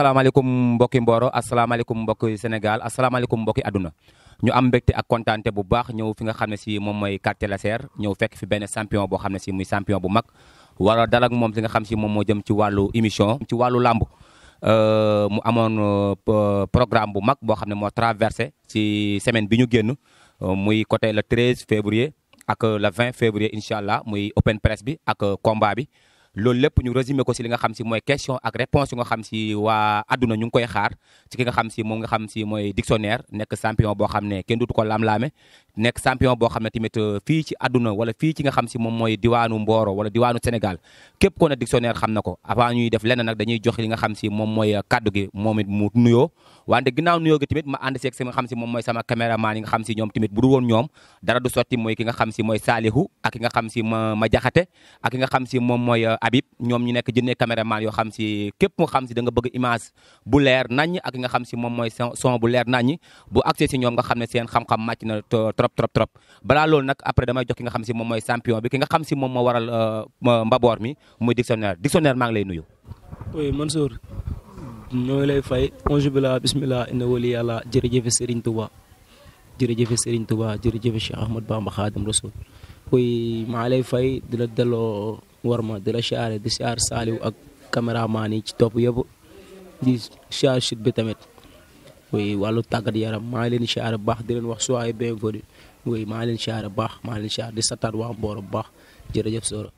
Assalamualaikum mbokki Mboro assalamualaikum mbokki senegal assalamualaikum mbokki aduna ñu am mbekté ak contenté bu baax ñew fi nga xamné ci mom moy mooy la Laser ñew fekk fi ben champion bo xamné ci muy champion bu mag wala dal ak mom si nga xam ci mom mo jëm ci walu émission ci lamb euh mu euh, programme bu mag bo xamné mo traverser ci semaine bi ñu génn euh, muy côté le 13 février ak le 20 février inshallah muy open press bi ak euh, combat bi loolu lépp ñu résumé ko si li nga xam si mooy question ak réponse yu nga xam si waa adduna ñu ngi koy xaar ci ki nga xam si moom nga xam si mooy dictionnaire nekk champion boo xam ne kenn dutu ko laam-laame nekk champion boo xam ne tamit fii ci adduna wala fii ci nga xam si moom mooy diwaanu Mboro wala diwaanu Sénégal képp ko ne dictionnaire xam na ko avant ñuy def lenn nag dañuy jox li nga xam si moom mooy kaddu gi moom it mu nuyoo wante ginnaaw nuyoo gi tamit ma ànd seeg sama xam si moom mooy sama caméraman yi nga xam si ñoom tamit bu dul woon ñoom dara du sotti mooy ki nga xam si mooy Saalihu ak ki nga xam si ma jaxate ak ki nga xam si moom mooy Habib ñom ñu nek jëne kamera yo xam si képp mu xam si da nga bëgg image bu lèr nañ ak nga xam si mom moy son bu lèr nañ bu accès ci ñom nga xam né seen xam-xam match na trop trop trop bala lool nak après dama jox ki nga xam si mom moy champion bi ki nga xam ci mom mo waral euh, mbabor mi moy dictionnaire dictionnaire ma ngi lay nuyu. oui Mansour ñoy lay fay onju bila bismillah inna wali jere jërëjëf Serigne Touba jërëjëf Serigne Touba jërëjëf Cheikh Ahmad Bamba Khadim Rasoul oui ma lay fay dila delo war ma di la siyaare di siyaar saaliw ak caméraman yi ci topp yëpp di siyaar site bi tamit wallu wàllu tàggat yaram maa ngi leen di bu baax di leen wax soyez bienvenue oui maa ngi leen di siyaare bu baax maa ngi leen di siyaare waa Mbooro bu baax jërëjëf Sora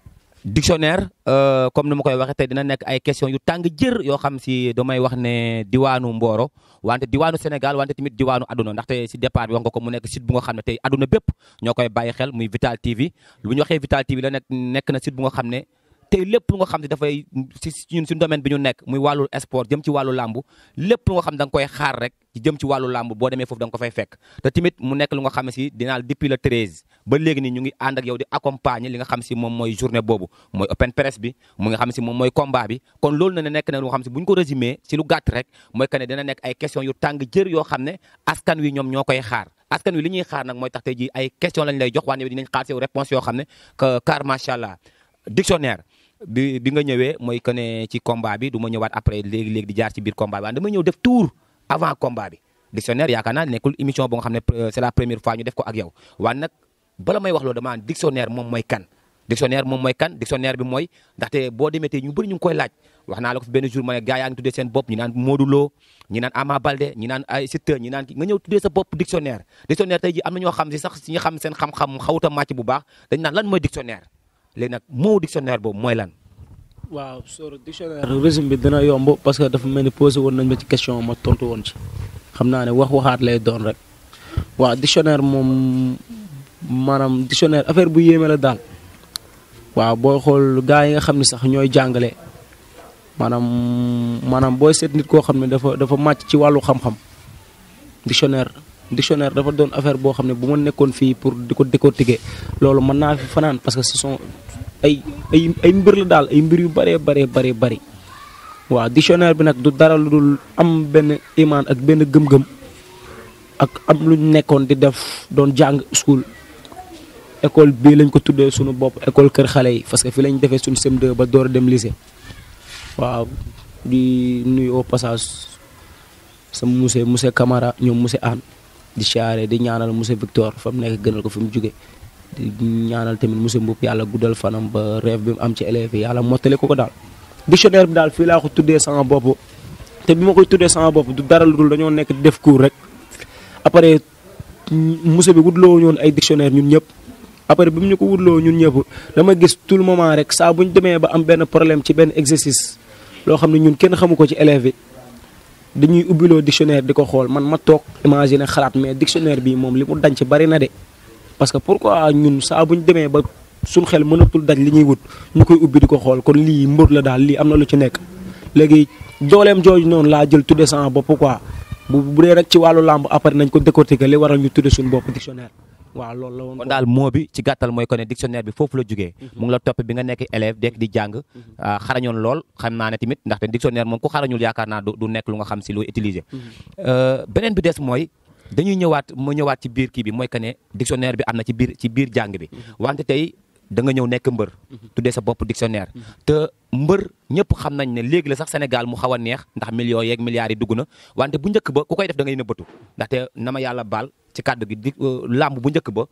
dictionnaire euh, comme ni ma koy waxee te dina nekk ay question yu tàng jër yoo xam si damay wax ne diwaanu Mboro wante diwaanu Sénégal wante tamit diwaanu aduna ndaxte si départ bi wax nga ko mu nekk site bu nga xam ne te aduna bépp ñoo koy bàyyi xel muy Vital TV bu ñu waxee Vital TV la nekk na site bu nga xam ne te lepp nga xamni da fay ci ñun suñu domaine bi ñu nek muy walu sport jëm ci walu lamb lepp nga xam dang koy xaar rek ci jëm ci walu lamb bo démé fofu dang ko fay fekk te timit mu nek lu nga xam ci dinaal depuis le 13 ba légui ni ñu ngi and ak yow di accompagner li nga xam ci mom moy journée bobu moy open press bi mu nga xam ci mom moy combat bi kon loolu na ne na lu nga xam ci buñ ko résumer ci lu gatt rek moy kané dina nekk ay question yu tang jër yo xamné askan wi ñom ñokoy xaar askan wi li ñuy xaar nak moy tax tey ji ay question lañ lay jox waaye dinañ xaar ci réponse yo xamné que car machallah dictionnaire bi bi nga ñëwee mooy que ne ci combat bi du ma ñëwaat après léegi di jaar ci biir combat bi waaye dama ñëw def tour avant combat bi. dictionnaire yaakaar naa nekkul émission bu nga xam ne euh, c'est la première fois ñu def ko ak yow waaye nag bala may wax loolu dama dictionnaire moom mooy kan. dictionnaire moom moy kan dictionnaire bi mooy ndaxte boo demee ñu bëri ñu koy laaj wax naa la ko fi benn jour ma ne gars yaa naan Modou nga ñëw tuddee sa bopp dictionnaire dictionnaire tey ji am na ñoo xam si sax si ñu xam seen xam léegi nag moo dictionnaire boobu mooy lan. waaw soo dictionnaire résumé bi dina yomb parce que dafa mel ni posé woon nañ ma ci question ma tontu woon ci xam naa ne wax waxaat lay doon rek waaw dictionnaire moom maanaam dictionnaire affaire bu yéeme la daal waaw booy xool gars yi nga xam ni sax ñooy jàngale maanaam maanaam booy seet nit koo xam ne dafa dafa màcc ci wàllu xam-xam dictionnaire dictionnaire dafa doon affaire boo xam ne bu ma nekkoon fii pour di ko décortiquer loolu mën naa fanaan parce que ce ay ay ay mbir la daal ay mbir yu bëree bëree bëri bëri waaw dictionnaire bi nag du dara lu dul am benn imaan ak benn gëm-gëm ak am luñ nekkoon di def doon jàng school ecole bii lañ ko tuddee suñu bopp école kër xale yi parce que fi lañ defee suñu CM2 ba door dem lycée waaw di nuyu au passage sama monsieur monsieur kamara ñoom monsieur Anne di siyaare di ñaanal monsieur Victor fa mu nekk gënal ko fi mu jógee di ñaanal tamit monsieur Mboup yàlla guddal fanam ba rêve bi mu am ci élèves yi yàlla mottali ko ko daal dictionnaire bi daal fii laa ko tuddee sama bopp te bi ma koy tuddee sama bopp du dara lu dul dañoo nekk def cours rek après monsieur bi wutloo ñoon ay dictionnaire ñun ñëpp après bi mu ñu ko wutloo ñun ñëpp dama gis tout le moment rek saa bu ñu demee ba am benn problème ci benn exercice loo xam ne ñun kenn xamu ko ci élèves yi dañuy ubbiloo dictionnaire di ko xool man ma toog imaginer xalaat mais dictionnaire bi moom li mu dañ ci bari na de parce que pourquoi ñun saa bu ñu demee ba suñ xel mënatul daj li ñuy wut ñu koy ubbi di ko xool kon lii mbër la daal lii am na lu ci nekk léegi dooleem jooju noonu laa jël tudde de bopp quoi bu bu dee rek ci wàllu lamb après nañ ko décortiquer li waral ñu tudde suñu bopp dictionnaire waaw loolu la woon kon daal moo bi ci gàttal mooy ko ne dictionnaire bi foofu la jógee mhm. mu ngi la topp bi nga nekk élève dekk di jàng mhm. ah, xarañoon lool xam naa ne tamit ndaxte dictionnaire moom ku xarañul yaakaar naa du nekk lu nga xam si lu utiliser mhm. euh, beneen bi des mooy dañuy ñëwaat mu ñëwaat ci biir kii bi mooy que ne dictionnaire bi am na ci biir ci biir jàng bi wante tey danga ñëw nekk mbër tuddee sa bopp dictionnaire te mbër ñëpp xam nañ ne léegi la sax Sénégal mu xaw a neex ndax million yeeg milliards yi dugg na wante bu njëkk ba ku koy def da ngay nëbbatu ndaxte nama yàlla baal ci kàddu gi di euh, làmb bu njëkk ba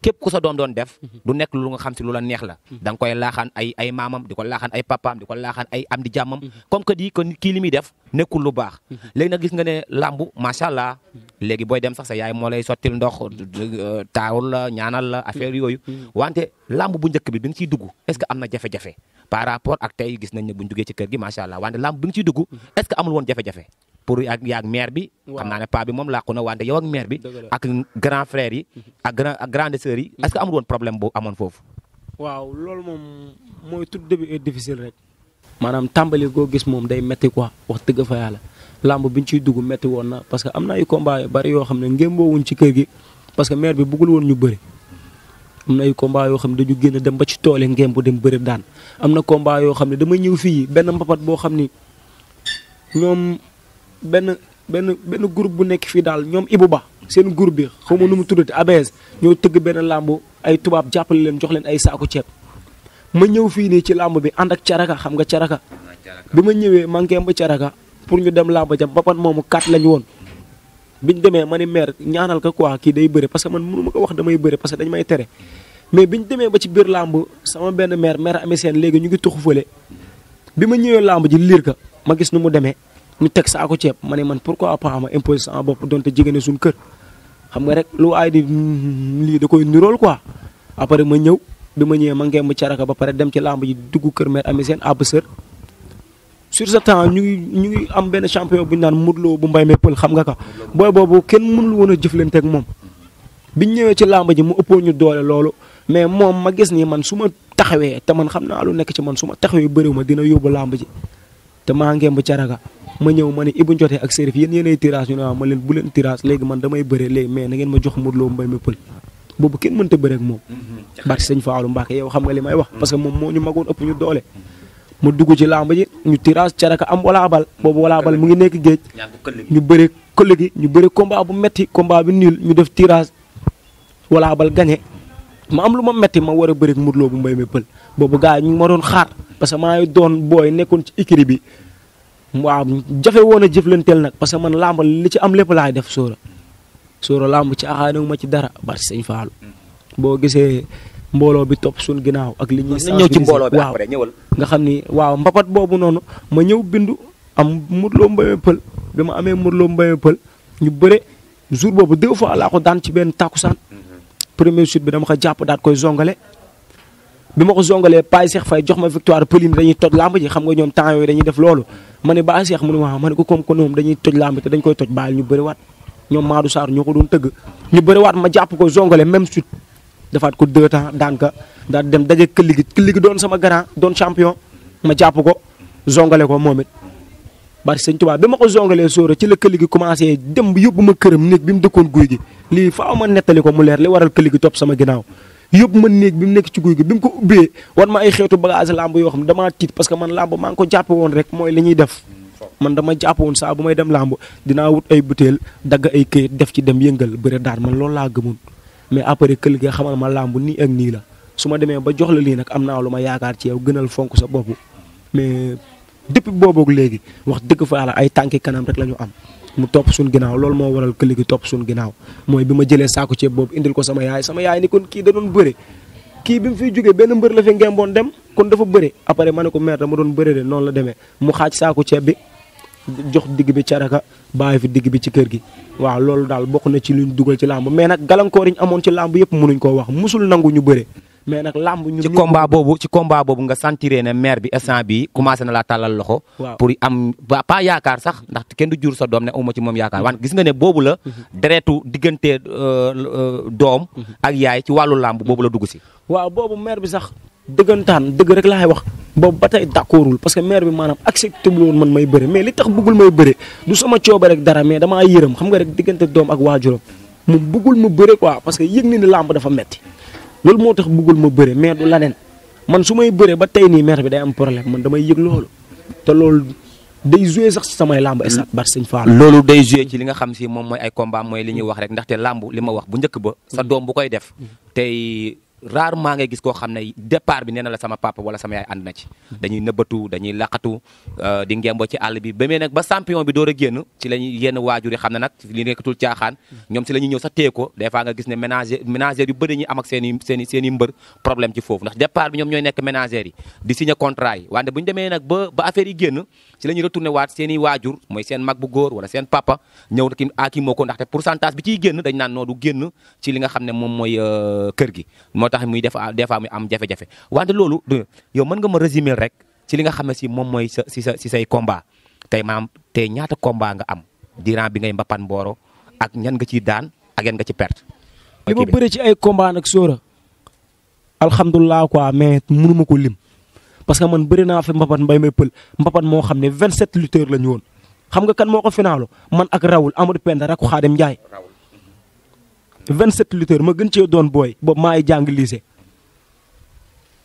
képp ku sa doom doon def mhm. du nekk lu nga xam si lu la neex la mhm. da nga koy laaxaan ay maamam di ko laaxaan ay papaam di ko laaxaan ay am di jàmmam mhm. comme que di kon kii li muy def nekkul lu baax léegi nag gis nga ne làmb macha allah léegi booy dem sax sa yaay moo lay sottil ndox taawul la ñaanal yooyu wante làmb bu njëkk bi bi nga ciy dugg est-ce am na jafe-jafe par rapport ak tey gis nañ ne buñ duggee ci kër gi macha allah wante làmb bi nga ciy dugg est-ce amul woon jafe-jafe pour ak yaa ak mère bi. xam naa ne paa bi moom làqu na wante yow ak mère bi. ak grand frère yi. Mhm. ak grand ak yi. Mhm. est-ce woon problème bu amoon foofu. waaw loolu moom mooy tout début est difficile rek. maanaam tàmbali koo gis moom day metti quoi wax dëgg fa yàlla làmb biñ ciy dugg metti na parce que am na ay combat yu yoo xam ne ngémboowuñ ci kër gi parce que mère woon ñu bëri. am na ay combat yoo xam ne dañu génn dem ba ci tool yi ngeen bu dem bëri daan am na combat yoo xam ne dama ñëw fii benn mbapat boo xam ni ñoom benn benn benn groupe bu nekk fii daal ñoom Ibou Ba seen groupe bi xaw ma nu mu tudd tuddati ABS ñoo tëgg benn làmb ay tubaab jàppale leen jox leen ay saaku ceeb ma ñëw fii nii ci làmb bi ànd ak caraka xam nga caraka bi ma ñëwee manqué ba caraka pour ñu dem làmb jam bapat moomu kat lañ woon biñ demee ma ni maire ñaanal ko quoi kii day bëre parce que man wax damay bëre parce que dañ may tere mais bi biñ demee ba ci biir làmb sama benn maire maire amee seen léegi ñu ngi tuxu fële bi ma ñëwee làmb ji liir ka ma gis nu mu demee ñu tek sa ko ma mané man pourquoi pas ma imposer sama bopp donte jigéene suñ kër xam nga rek lu ay di mm, li da koy nirol quoi après ma bima ñewé ma ñëwee ma raka ba paré dem ci lamb ji dugg kër mère amé sen ab sœur sur ce temps ñu ñu ngi am ben champion bu ñaan mudlo bu mbay meppal xam nga ka boy bobu ken mënul wona jëflenté ak mom bi ñewé ci lamb ji mu ëppoon ñu doole lolu mais mom ma gis ni man suma taxawé te man xamna lu nekk ci man suma taxawé taxawee ma dina yobu lamb ji te maa ngemb caraka ma ñëw ma ne Ibou Ndiotté ak Serif yen yéenay tirage ñu ne waaw ma leen bu leen tirage léegi man damay bëre léegi mais na ngeen ma jox Modou Lo mbay mi pël boobu kenn mënta bëre ak moom mm-hmm. barki sëñ Fallou Mbacke yow xam nga li may wax parce que moom moo ñu magoon ëpp ñu doole mu dugg ci làmb ji ñu tirage caraka am walaa bal boobu walaa bal mu ngi nekk géej ñu bëre këll gi ñu bëre combat bu metti combat bi nul ñu def tirage walaa bal ma am lu ma metti ma war a bëri Modou Lo bu mbay mi pël boobu gars yi ñu ma doon xaar parce que maa ngi booy nekkoon ci écurie bi waaw jafe woon a jëflanteel nag parce que man làmb li ci am lépp laay def sóora sóora làmb ci axaanawu ma ci dara bari sëñ Fallou boo gisee mbooloo bi topp suñ ginnaaw ak li ñuy ñëw ci mbooloo bi après ñëwal nga xam ni waaw mbapat boobu noonu ma ñëw bindu am Modou bi ma amee Modou Lo pël ñu bëre jour boobu deux fois laa daan ci benn tàkkusaan premier chute bi dama ko jàpp daat koy zongale bi ma ko zongalee Paye Cheikh Faye jox ma victoire pëlim dañuy toj lamb ji xam nga ñoom temps yooyu dañuy def loolu ma ne ba Cheikh mu ne ma ma ne ko comme que ñoom dañuy toj lamb te dañ koy toj baal ñu bëriwaat ñoom Maadou Sarr ñoo ko doon tëgg ñu bëriwaat ma jàpp ko zongale même chute defaat ko deux temps daan ka daal dem daje këll gi këll doon sama grand doon champion ma jàpp ko zongale ko moom it bari sëñ Tuubaa bi ma ko zongalee sóora ci la këli gi commencé dem yóbbu ma këram néeg bi mu dëkkoon guy gi lii faaw ma nettali ko mu leer li waral këli gi topp sama ginnaaw yóbbu ma néeg bi mu nekk ci guy gi bi mu ko ubbee wan ma ay xeetu bagage làmb yoo xam ne damaa tiit parce que man làmb maa ngi ko jàpp woon rek mooy li ñuy man dama jàpp woon saa bu may dem làmb dinaa wut ay dagg ay këyit def ci dem yëngal bëre daan man loolu laa gëmoon mais après këli gi xamal ma làmb nii ak nii la su ma demee ba jox la lii nag am naa lu ma yaakaar ci yow gënal fonk sa bopp mais depuis boobook léegi wax dëgg fa la ay tànki kanam rek la ñu am mu topp suñu ginnaaw loolu moo waral këli gi topp suñu ginnaaw mooy bi ma jëlee saako ceeb boobu indil ko sama yaay sama yaay ni kon kii da doon bëre kii bi mu fiy jógee benn mbër la fi ngemboon dem kon dafa bëre après ma ne ko mère dama doon bëre de noonu la demee mu xaaj saako ceeb bi jox digg bi caraka bàyyi fi digg bi ci kër gi waaw loolu daal bokk na ci lu ñu dugal ci làmb mais nag gàllankoor yi amoon ci làmb yëpp mënuñ koo wax musul nangu ñu bëre mais nag làmb ñun ci combat boobu ci combat boobu nga sentiré ne maire bi instant bi commencé na laa a loxo. pour am ba pas yaakaar sax ndax kenn du jur sa doom ne uma ci moom yaakaar wante gis nga ne boobu la. Mhm. deretu diggante euh, euh, doom. Mhm. ak yaay ci wàllu làmb boobu la dugg si. waaw boobu maire bi sax dëggantaan dëgg rek laay wax. boobu ba tey d'accordul parce que maire bi maanaam accepté wul woon man bëre mais li tax bëggul may bëre du sama cooba rek dara mais damaa yërëm xam nga rek diggante doom ak waajuram mu bëggul mu bëre quoi parce que yëg ni ne làmb dafa metti lol motax tax bëggul ma bëre meer du lanen man sumay may ba tay ni meer bi day am problème man damay yëg loolu te loolu day jouer sax sama lamb estat bar seigne Fall lolou day jouer ci li nga xam ci mom moy ay combat moy li ñu wax rek ndax té lamb li ma wax bu ñëk ba sa dom bu koy def tay rarement ngay gis koo xam ne départ bi nee na la sama papa wala sama yaay ànd na ci dañuy nëbbatu dañuy laqatu euh, di ngembo ci àll bi ba mee ba champion bi door a génn ci lañuy yenn waajur yi xam na nag li nekkatul caaxaan ñoom si la ñuy ñëw sa téye ko des fois nga gis ne ménager ménager yu bëri ñuy am seen i seen i i mbër problème ci foofu ndax départ bi ñoom ñooy nekk ménager yi di signé contrat yi wante bu ñu demee nag ba ba yi génn ci lañu retourner wat waat wajur moy sen mag bu góor wala sen papa ñëw ki ah, moko ko ndaxte pourcentage bi ci genn dañ nan no du genn ci li nga xam mom moy euh, kër gi motax muy def des fois muy am jafé jafé wante lolu yow mën nga ma résumer rek ci li nga xam si moom mooy sa si si say combat tay maam tey ñaata combat nga am diran bi ngay mbapan mbooro ak ñan nga ci daan ak ñan nga ci perte li ma ci ay combat nak soora alhamdullah quoi mais mënuma ko lim parce que man bëri naa fi mbapat mbay may pël mbapat moo xam ne 27 lutteurs la ñu woon xam nga kan moo ko finaalu man ak Raoul Amadou Penda rek Xaadim Ndiaye 27 lutteurs ma gën cee doon booy boobu maay jàng lycée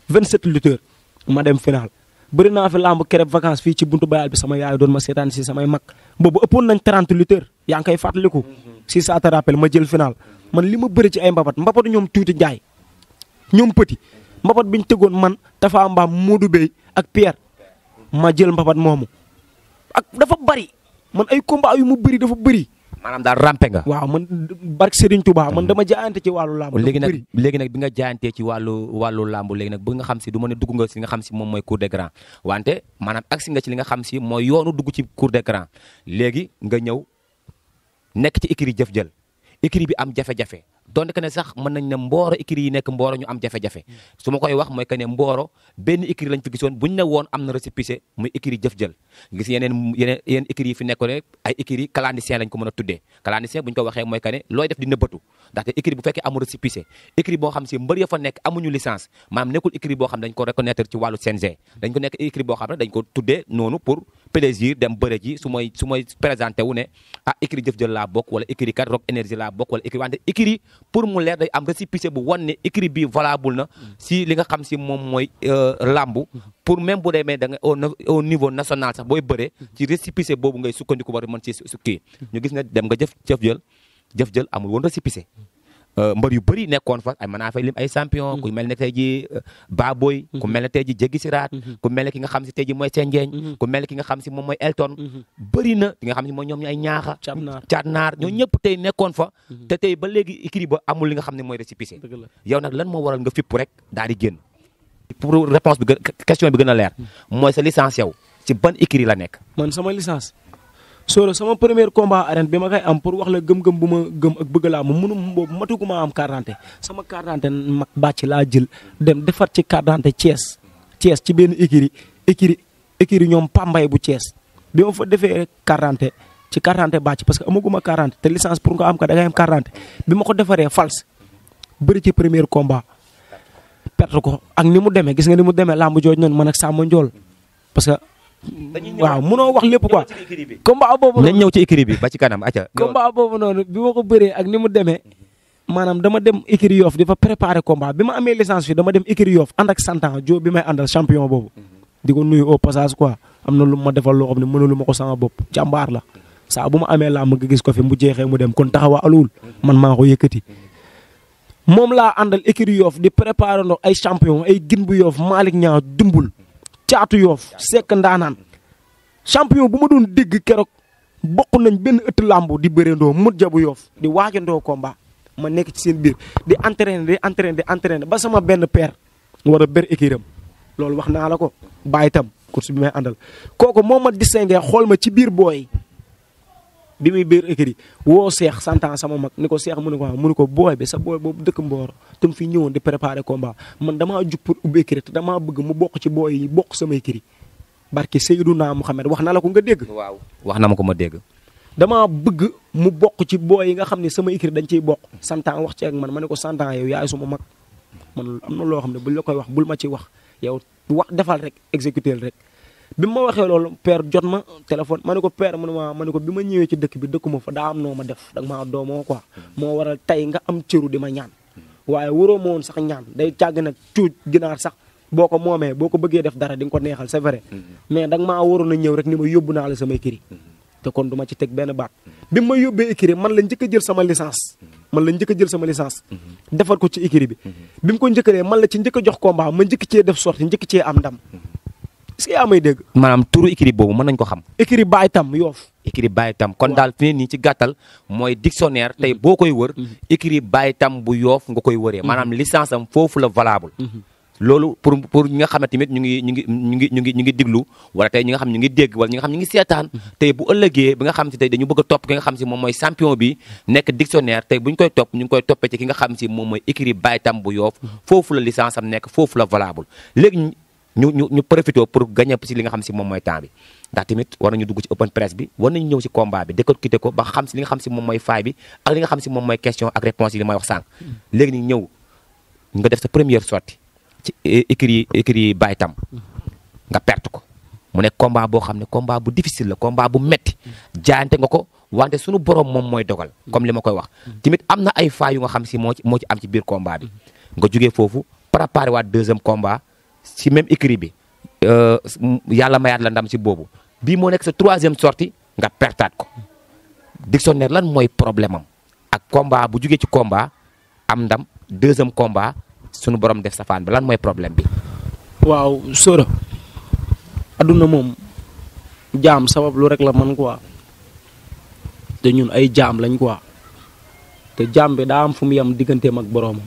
27 lutteurs ma dem final bëri naa fi lamb kereb vacances fii ci buntu bayal bi sama yaay doon ma seetaan si samay mag boobu ëppoon nañ 30 lutteurs yaa ngi koy fàttaliku si ça te ma jël final man li ma bëri ci ay mbapat mbapatu ñoom tuuti Ndiaye ñoom mbapat biñ tegon man tafa mba modou bey ak pierre ma jël mbapat momu ak dafa bari man ay combat yu mu bari dafa bari manam da rampé nga waaw man bark serigne touba man mm-hmm. dama jaante ci walu lamb legui nak legui nak bi nga jaante ci walu walu lamb legui nak bu nga xam ci duma ne dugg nga ci nga xam ci mom moy cour des grands wante manam aksi nga ci li nga xam ci moy yoonu dugg ci cour des grands legui nga ñew nek ci écrit jëf jël écrit bi am jafé jafé donte que ne sax mën nañ ne mbooro écurie yi nekk mbooro ñu am jafe-jafe su ma koy wax mooy lañ fi gisoon buñ ne woon am na récépissé muy écurie jëf jël gis yeneen yeneen yeneen écurie yi fi nekkoon ay écurie mën a tuddee clandestin buñ ko waxee mooy que ne def di nëbbatu ndaxte écurie bu fekkee amul récépissé écurie boo xam si mbër ya fa nekk amuñu licence maanaam nekkul écurie boo xam dañ ko reconnaître ci wàllu CNG dañ noonu pour dem bëre su mooy su mooy présenté wu ne ah écurie jëf jël laa bokk wala écurie kat rock énergie laa bokk wala écurie wante écurie pour mu leer day am récépissé bu wan ne écrit bi valable na si li nga xam si moom mooy euh, làmb pour même bu demee da nga au niveau national sax booy bëree ci récépissé boobu ngay sukkandiku war mën ci sukki ñu gis ne dem nga jëf jëf jël jëf amul woon récépissé Euh, mbër yu bëri nekkoon fa ay mën naa fay lim ay champion mhm. ku mel ne tey ji euh, Baboy ku mhm. mel ne tey ji mhm. ku mel ne ki nga xam si tey ji mooy Senjeeñ ku mel ne ki nga xam si moom mooy Elton bëri na ki nga xam si mooy ñoom ñu ay ñaaxa caat naar ñoo ñëpp tey nekkoon fa te tey ba léegi écrit ba amul li nga xam ne mooy récépissé yow nag lan moo waral nga fipp rek daal di génn pour réponse bi gën question bi gën a leer mooy sa licence yow ci ban écrit la nekk man sóora sama première combat arène bi ma koy am pour wax la gëm-gëm bu ma gëm ak bëgg laa ma mënu boobu matugu maa am carte d'identité sama carte d'identité mag bàcc laa jël dem defar ci carte d'identité Thiès ci benn écurie écurie écurie ñoom Pambay bu Thiès bi ma fa defee carte ci carte d'identité bàcc parce que amaguma carte d'identité te licence pour nga am ko da ngay am bi ma ko defaree false bëri ci premier combat perte ko ak ni mu demee gis nga ni mu demee làmb jooj noonu man a Samba Ndiol waaw mënoo wax lépp quoi combat boobu noonu nañ ñëw ci ci kanam acca combat boobu noonu bi ma ko bëree ak ni mu demee manaam dama dem écurie Yoff di fa préparer combat bi ma amee licence fi dama dem écurie Yoff ànd ak santan jo bi may àndal champion boobu mhm. di ko nuyu o passage quoi am na lu ma defal loo xam ne lu ma ko sama bopp jàmbaar la saa bu ma amee laa ma gis ko fi mu jeexee mu dem kon taxawaaluwul mhm. man maa ko yëkkati mhm. moom laa àndal écurie Yoff di préparer ndox ay champion ay gin bu Yoff ñaa dumbul caatu yoof sekk ndaanaan champion bu ma doon dégg keroog bokk nañ benn ëtt làmb di mët mut jabu yoof di ko combat ma nekk ci seen biir di entraîné di entraîné di entraîné ba sama benn père war a ber ékiram loolu wax naa la ko bàyyi itam course bi may àndal kooku moo ma distingué xool ma ci biir booy bi muy biir écrit woo seex santan sama mag ni ko seex mu ne ko mu ne ko booy bi sa booy boobu dëkk mboor te mu fi ñëwoon di préparer combat man damaa jug pour ubbi écrit bëgg mu bokk ci booy yi bokk sama écrit barke Seydina Muhammad wax na la ko nga dégg waaw wax na ma ko ma dégg damaa bëgg mu bokk ci booy yi nga xam ne sama écrit dañ ciy bokk santan wax ci ak man ma ne ko santan yow yaay suma mag man a na loo xam ne buñ la koy wax bul ma ci wax yow wax defal rek exécuter rek bi ma waxee loolu peer jot ma téléphone ma ne ko père mu ne ma ma ne ko bi ma ñëwee ci dëkk bi dëkkuma fa daa am noo ma def da nga maa doomoo ko hmm. moo waral tey nga am cëru di ma ñaan waaye waroo ma woon sax ñaan day càgg nag cuuj ginaar sax boo ko moomee boo ko bëggee def dara di nga ko neexal c'est vrai hmm. mais da maa waroon na ñëw rek ni ma yóbbu naa la sama écrit hmm. te kon duma ci teg benn baat bi ma yóbbee écrit man la njëkk jël sama licence man la njëkk jël sama licence defar ko ci écrit bi bi mu ko njëkkalee man la ci njëkk a jox combat ma njëkk cee def sorti njëkk cee am ndam est-ce que yaa may dégg. maanaam turu écurie boobu mën nañ ko xam. écurie Baye Tam Yoff. écurie Baye Tam kon daal fi ne nii ci gàttal mooy dictionnaire tey mhm. boo koy wër. Mhm. écurie bu Yoff nga koy wëree. Mhm. maanaam licence am foofu la valable. loolu pour pour ñi nga xam ne tamit ñu ngi ñu ngi ñu ngi ñu ngi ñu ngi diglu wala tey nga xam ñu ngi dégg wala ñi nga xam ñu ngi seetaan tey bu ëllëgee bi nga xam si tey dañu bëgg topp ki nga xam si moom mooy champion bi nekk dictionnaire tey bu ñu koy topp ñu ngi koy xam si moom mooy écurie Baye Tam bu Yoff foofu la licence nekk foofu la valable léegi ñu ñu ñu profité pour gagner si li nga xam si moom mooy temps bi ndax tamit war nañu dugg ci open press bi war nañu ñëw si combat bi décortiquer ko ba xam si li nga xam si moom mooy faay bi ak li nga xam si moom mooy question ak réponse yi li may wax hmm. Tam nga perte ko mu nekk combat boo xam ne combat bu difficile la combat bu metti jaante nga ko wante suñu borom moom mooy dogal comme li ma koy wax hmm. tamit am na ay faay yu xam si moo ci moo ci am ci biir combat bi hmm. nga jógee foofu préparé waat deuxième combat. ci même écrit bi euh, yalla mayat la ndam ci bobu bi mo nek sa troisième sortie nga pertat ko dictionnaire lan moy problème am ak combat bu jugee ci combat am ndam deuxième combat sunu borom def safaan bi lan moy problème bi. waaw Sora aduna mom jam sabab lu rek la man quoi te ñun ay jam lañ quoi te jam bi da am fu mu yam digënté mak borom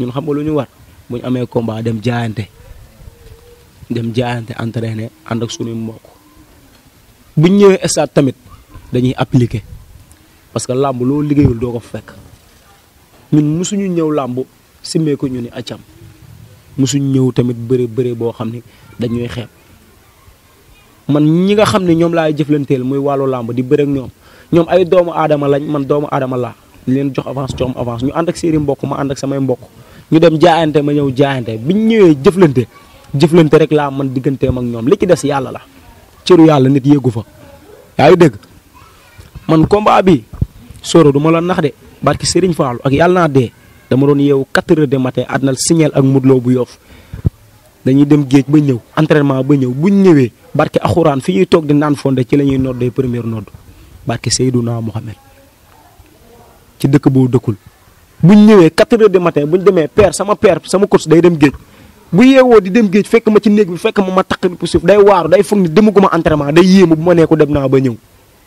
ñun xam nga lu war buñ amé combat dem jaayante dem jaante entraîné and ak suñu mbokk buñ ñëwé stade tamit dañuy appliquer parce que lamb lo ligéyul doo ko fekk ñun musuñu ñëw lamb simé ko ñu ni acham musuñu ñëw tamit bëre bëre bo xamni dañuy xeeb man ñi nga xamni ñom ñoom laay muy walu lamb di bëre ak ñom ñom ay doomu adama lañ man doomu adama la di leen jox avance jox avance ñu and ak séri mbokk ma and ak samay mbokk ñu dem jaayante ma ñëw jaayante biñ ñëwé jëflante jëflante rek laa man digganteem ak ñoom li ci des yàlla la cëru yàlla nit yéegu fa yaa ngi dégg man combat bi soro du ma la nax de barki Serigne Fallou ak yàlla naa dee dama doon yeewu 4 heures de matin àddina signal ak Modou Lo bu Yoff dañuy dem géej ba ñëw entraînement ba ñëw buñ ñëwee barki axuraan fi ñuy toog di naan fonde ci la ñuy noddee première nodd barki Seydouna Mohamed ci dëkk boo dëkkul buñ ñëwee 4 heures de matin buñ demee père sama père sama course day dem géej bu yewo di dem geej fekk ma ci neeg bi fekk ma ma takk bu suuf day waaru day foog ni ma entraînement day yéemu bu ma nee dem naa ba ñew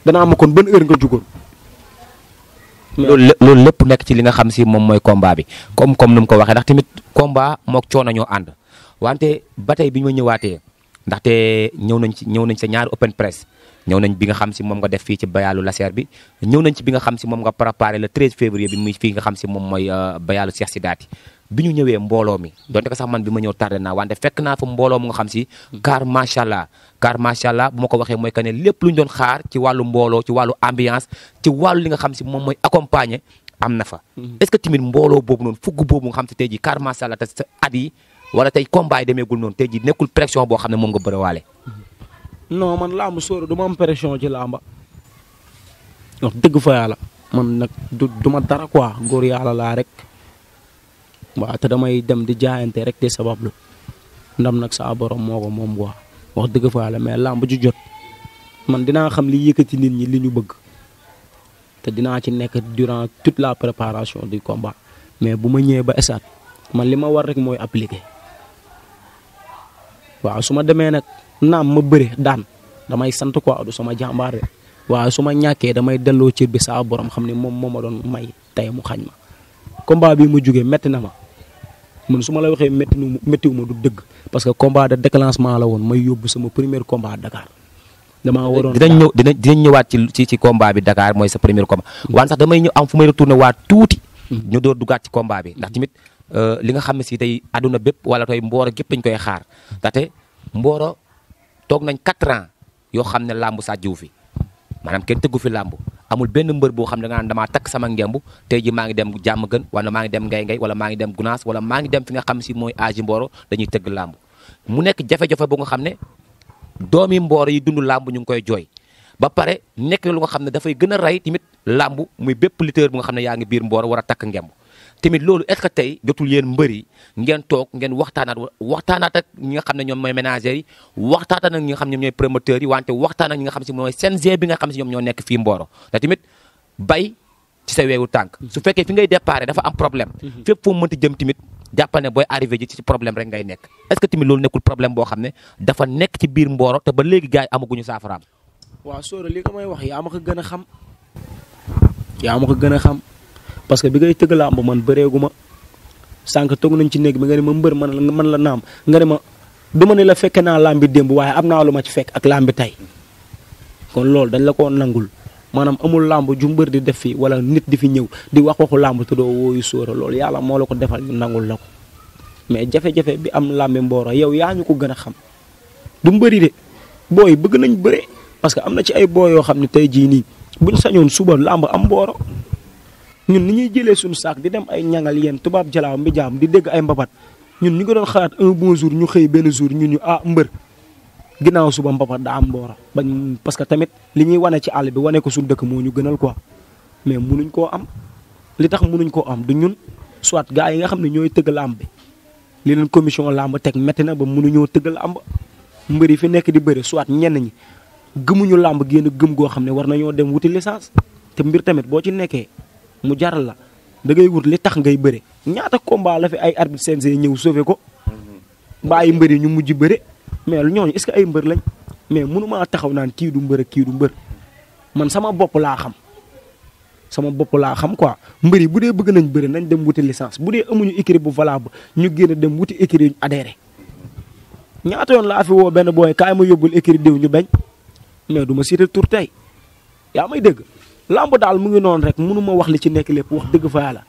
danaa am kon ban heure nga jugoon. lool lepp nek ci li nga xam ci mom moy combat bi comme comme num ko waxe ndax timit combat mok choona ñoo and wante batay tey bi ñu ma ñëwaatee te ñëw nañ ci ñew nañ sa ñaar open press ñew nañ bi nga xam ci mom nga def fi ci bayalu laser bi ñew nañ ci bi nga xam ci mom nga préparer le 13 février bi muy fi nga xam ci mom moy euh, bayalu Cheikh sidati bi ñu ñëwee mbooloo mi donte ko sax man bi ma ñëw tardé naa wante fekk naa fa mbooloo mu nga xam si car macha allah car macha allah bu ma ko waxee mooy que ne lépp lu ñu doon xaar ci wàllu mbooloo ci wàllu ambiance ci wàllu li nga xam si moom mooy accompagner am na fa. Mhm. est ce que tamit mbooloo boobu noonu fugg boobu nga xam si tey jii car macha allah te sa at yi wala tey combat yi demeegul noonu tey jii nekkul pression boo xam ne moom nga bëriwaale. Mhm. non man làmb sóor du ma am pression ci làmba wax dëgg fa yàlla man nag du ma dara quoi góor yàlla laa rek. waaw te damay dem di jaayante rek di sabablu ndam nag saa borom moo ko moom quoi wax dëgg faa la mais làmb ju jot man dinaa xam li yëkkati nit ñi li ñu bëgg te dinaa ci nekk durant tout la préparation di combat mais bu ma ñëwee ba esaat man li ma war rek mooy appliquer waaw su ma demee nag naam ma bëre daan damay sant quoi du sama jàmbaar rek waaw su ma ñàkkee damay delloo cër bi saa borom xam ne moom moo ma doon may tey mu xañ ma. combat bi ma jógee métti na ma man su ma la waxee métti méttiwu ma du dëgg parce que combat de déclenchement la woon may yóbbu sama premier combat Dakar. damaa waroon dinañ ñëw dinañ dinañ ñëwaat ci ci ci combat bi dakaar mooy sa premier combat. waan sax damay ñëw am fu may retourné waat tuuti. Mm. ñu door duggaat ci komba bi ndax mm. tamit euh, li nga xam ne si tey àdduna bépp wala tey mbooro gépp dañ koy xaar ndaxte mbooro toog nañ 4 ans yoo xam ne làmb jiw fi. maanaam kenn tëggu fi làmb amul benn mbër boo xam ne da nga takk sama ngemb tey ji maa ngi dem jàmm gën wala maa ngi dem ngay ngay wala ngi dem gunaas wala maa ngi dem fi nga xam si mooy aaji mbooro dañuy tëgg làmb mu nekk jafe-jafe bu nga xam ne doomi mbooro yi dund làmb ñu ngi koy jooy ba pare nekk lu nga xam ne dafay gën a rey tamit làmb muy bépp lutteur bu nga xam ne yaa ngi biir mbooro war a takk ngemb tamit loolu est-ce que tey jotul yéen mbëri ngeen toog ngeen waxtaanaat waxtaanaat ak ñi nga xam ne ñoom mooy ménagères yi waxtaanaat ak ñi nga xam ne ñoom ñooy promoteurs yi wante waxtaan ak ñi nga xam si mooy CNG bi nga ñoom nekk fii Mboro te tamit bay ci sa weewu tànk mm-hmm. su fekkee fi ngay déparé dafa am problème mm-hmm. fépp foo mënti jëm tamit jàppal ne booy arrivé ji ci problème rek ngay nekk est-ce que tamit loolu nekkul problème boo xam ne dafa nekk ci biir Mboro te ba léegi gars yi amaguñu saafaraam waaw Soro li ko may yaa ma ko gën a xam yaa ma ko gën a xam parce que bi ngay tëgg làmb man bëreegu ma sànq toog nañ ci néeg bi nga ne ma mbër man la man la naam nga ne ma du ma ne la fekke naa làmbi démb waaye am naa lu ma ci fekk ak làmbi tey kon loolu dañ la ko nangul maanaam amul làmb ju mbër di def fii wala nit di fi ñëw di wax waxu làmb te doo wooyu sóora loolu yàlla moo la ko defal ñu nangul la ko mais jafe-jafe bi am làmbi mbooro yow yaa ñu ko gën a xam du mbëri de booy bëgg nañ bëre parce que am na ci ay booy yoo xam ne tey jii nii buñ sañoon suba làmb am mbooro ñun ni ñuy jëlee suñu saak di dem ay ñangal yéen tubaab jalaaw mbi jaam di dégg ay mbabat ñun ñu ko doon xalaat un bon ñu xëy benn jour ñun ñu ah mbër ginnaaw suba mbapat daa am mboora bañ parce que tamit li ñuy wane ci àll bi wane ko suñu dëkk moo ñu gënal quoi mais munuñ koo am li tax munuñ koo am du ñun soit gars yi nga xam ne ñooy tëgg làmb bi li leen commission làmb teg métti na ba munuñoo tëgg làmb mbër yi fi nekk di bëri soit ñenn ñi gëmuñu làmb génn gëm goo xam ne war nañoo dem wuti licence te mbir tamit boo ci nekkee mu jaral la da ngay wut li tax ngay bëre ñaata combat la fi ay arbitre CNG ñëw sauvé ko mbër yi ñu mujj bëre mais ñooñu est-ce que ay mbër lañ mais mënumaa taxaw naan kii du mbër ak kii du mbër man sama bopp laa xam sama bopp laa xam quoi yi bu dee bëgg nañ bëri nañ dem wuti licence bu dee amuñu écrit bu valable ñu génn dem wuti écrit ñu adhéré ñaata yoon laa fi woo benn booy kaay ma yóbbul écrit diw ñu bañ mais du ma cité tur tey yaa may dégg lamb dal mu ngi non rek mënuma wax li ci nek lepp wax deug fa la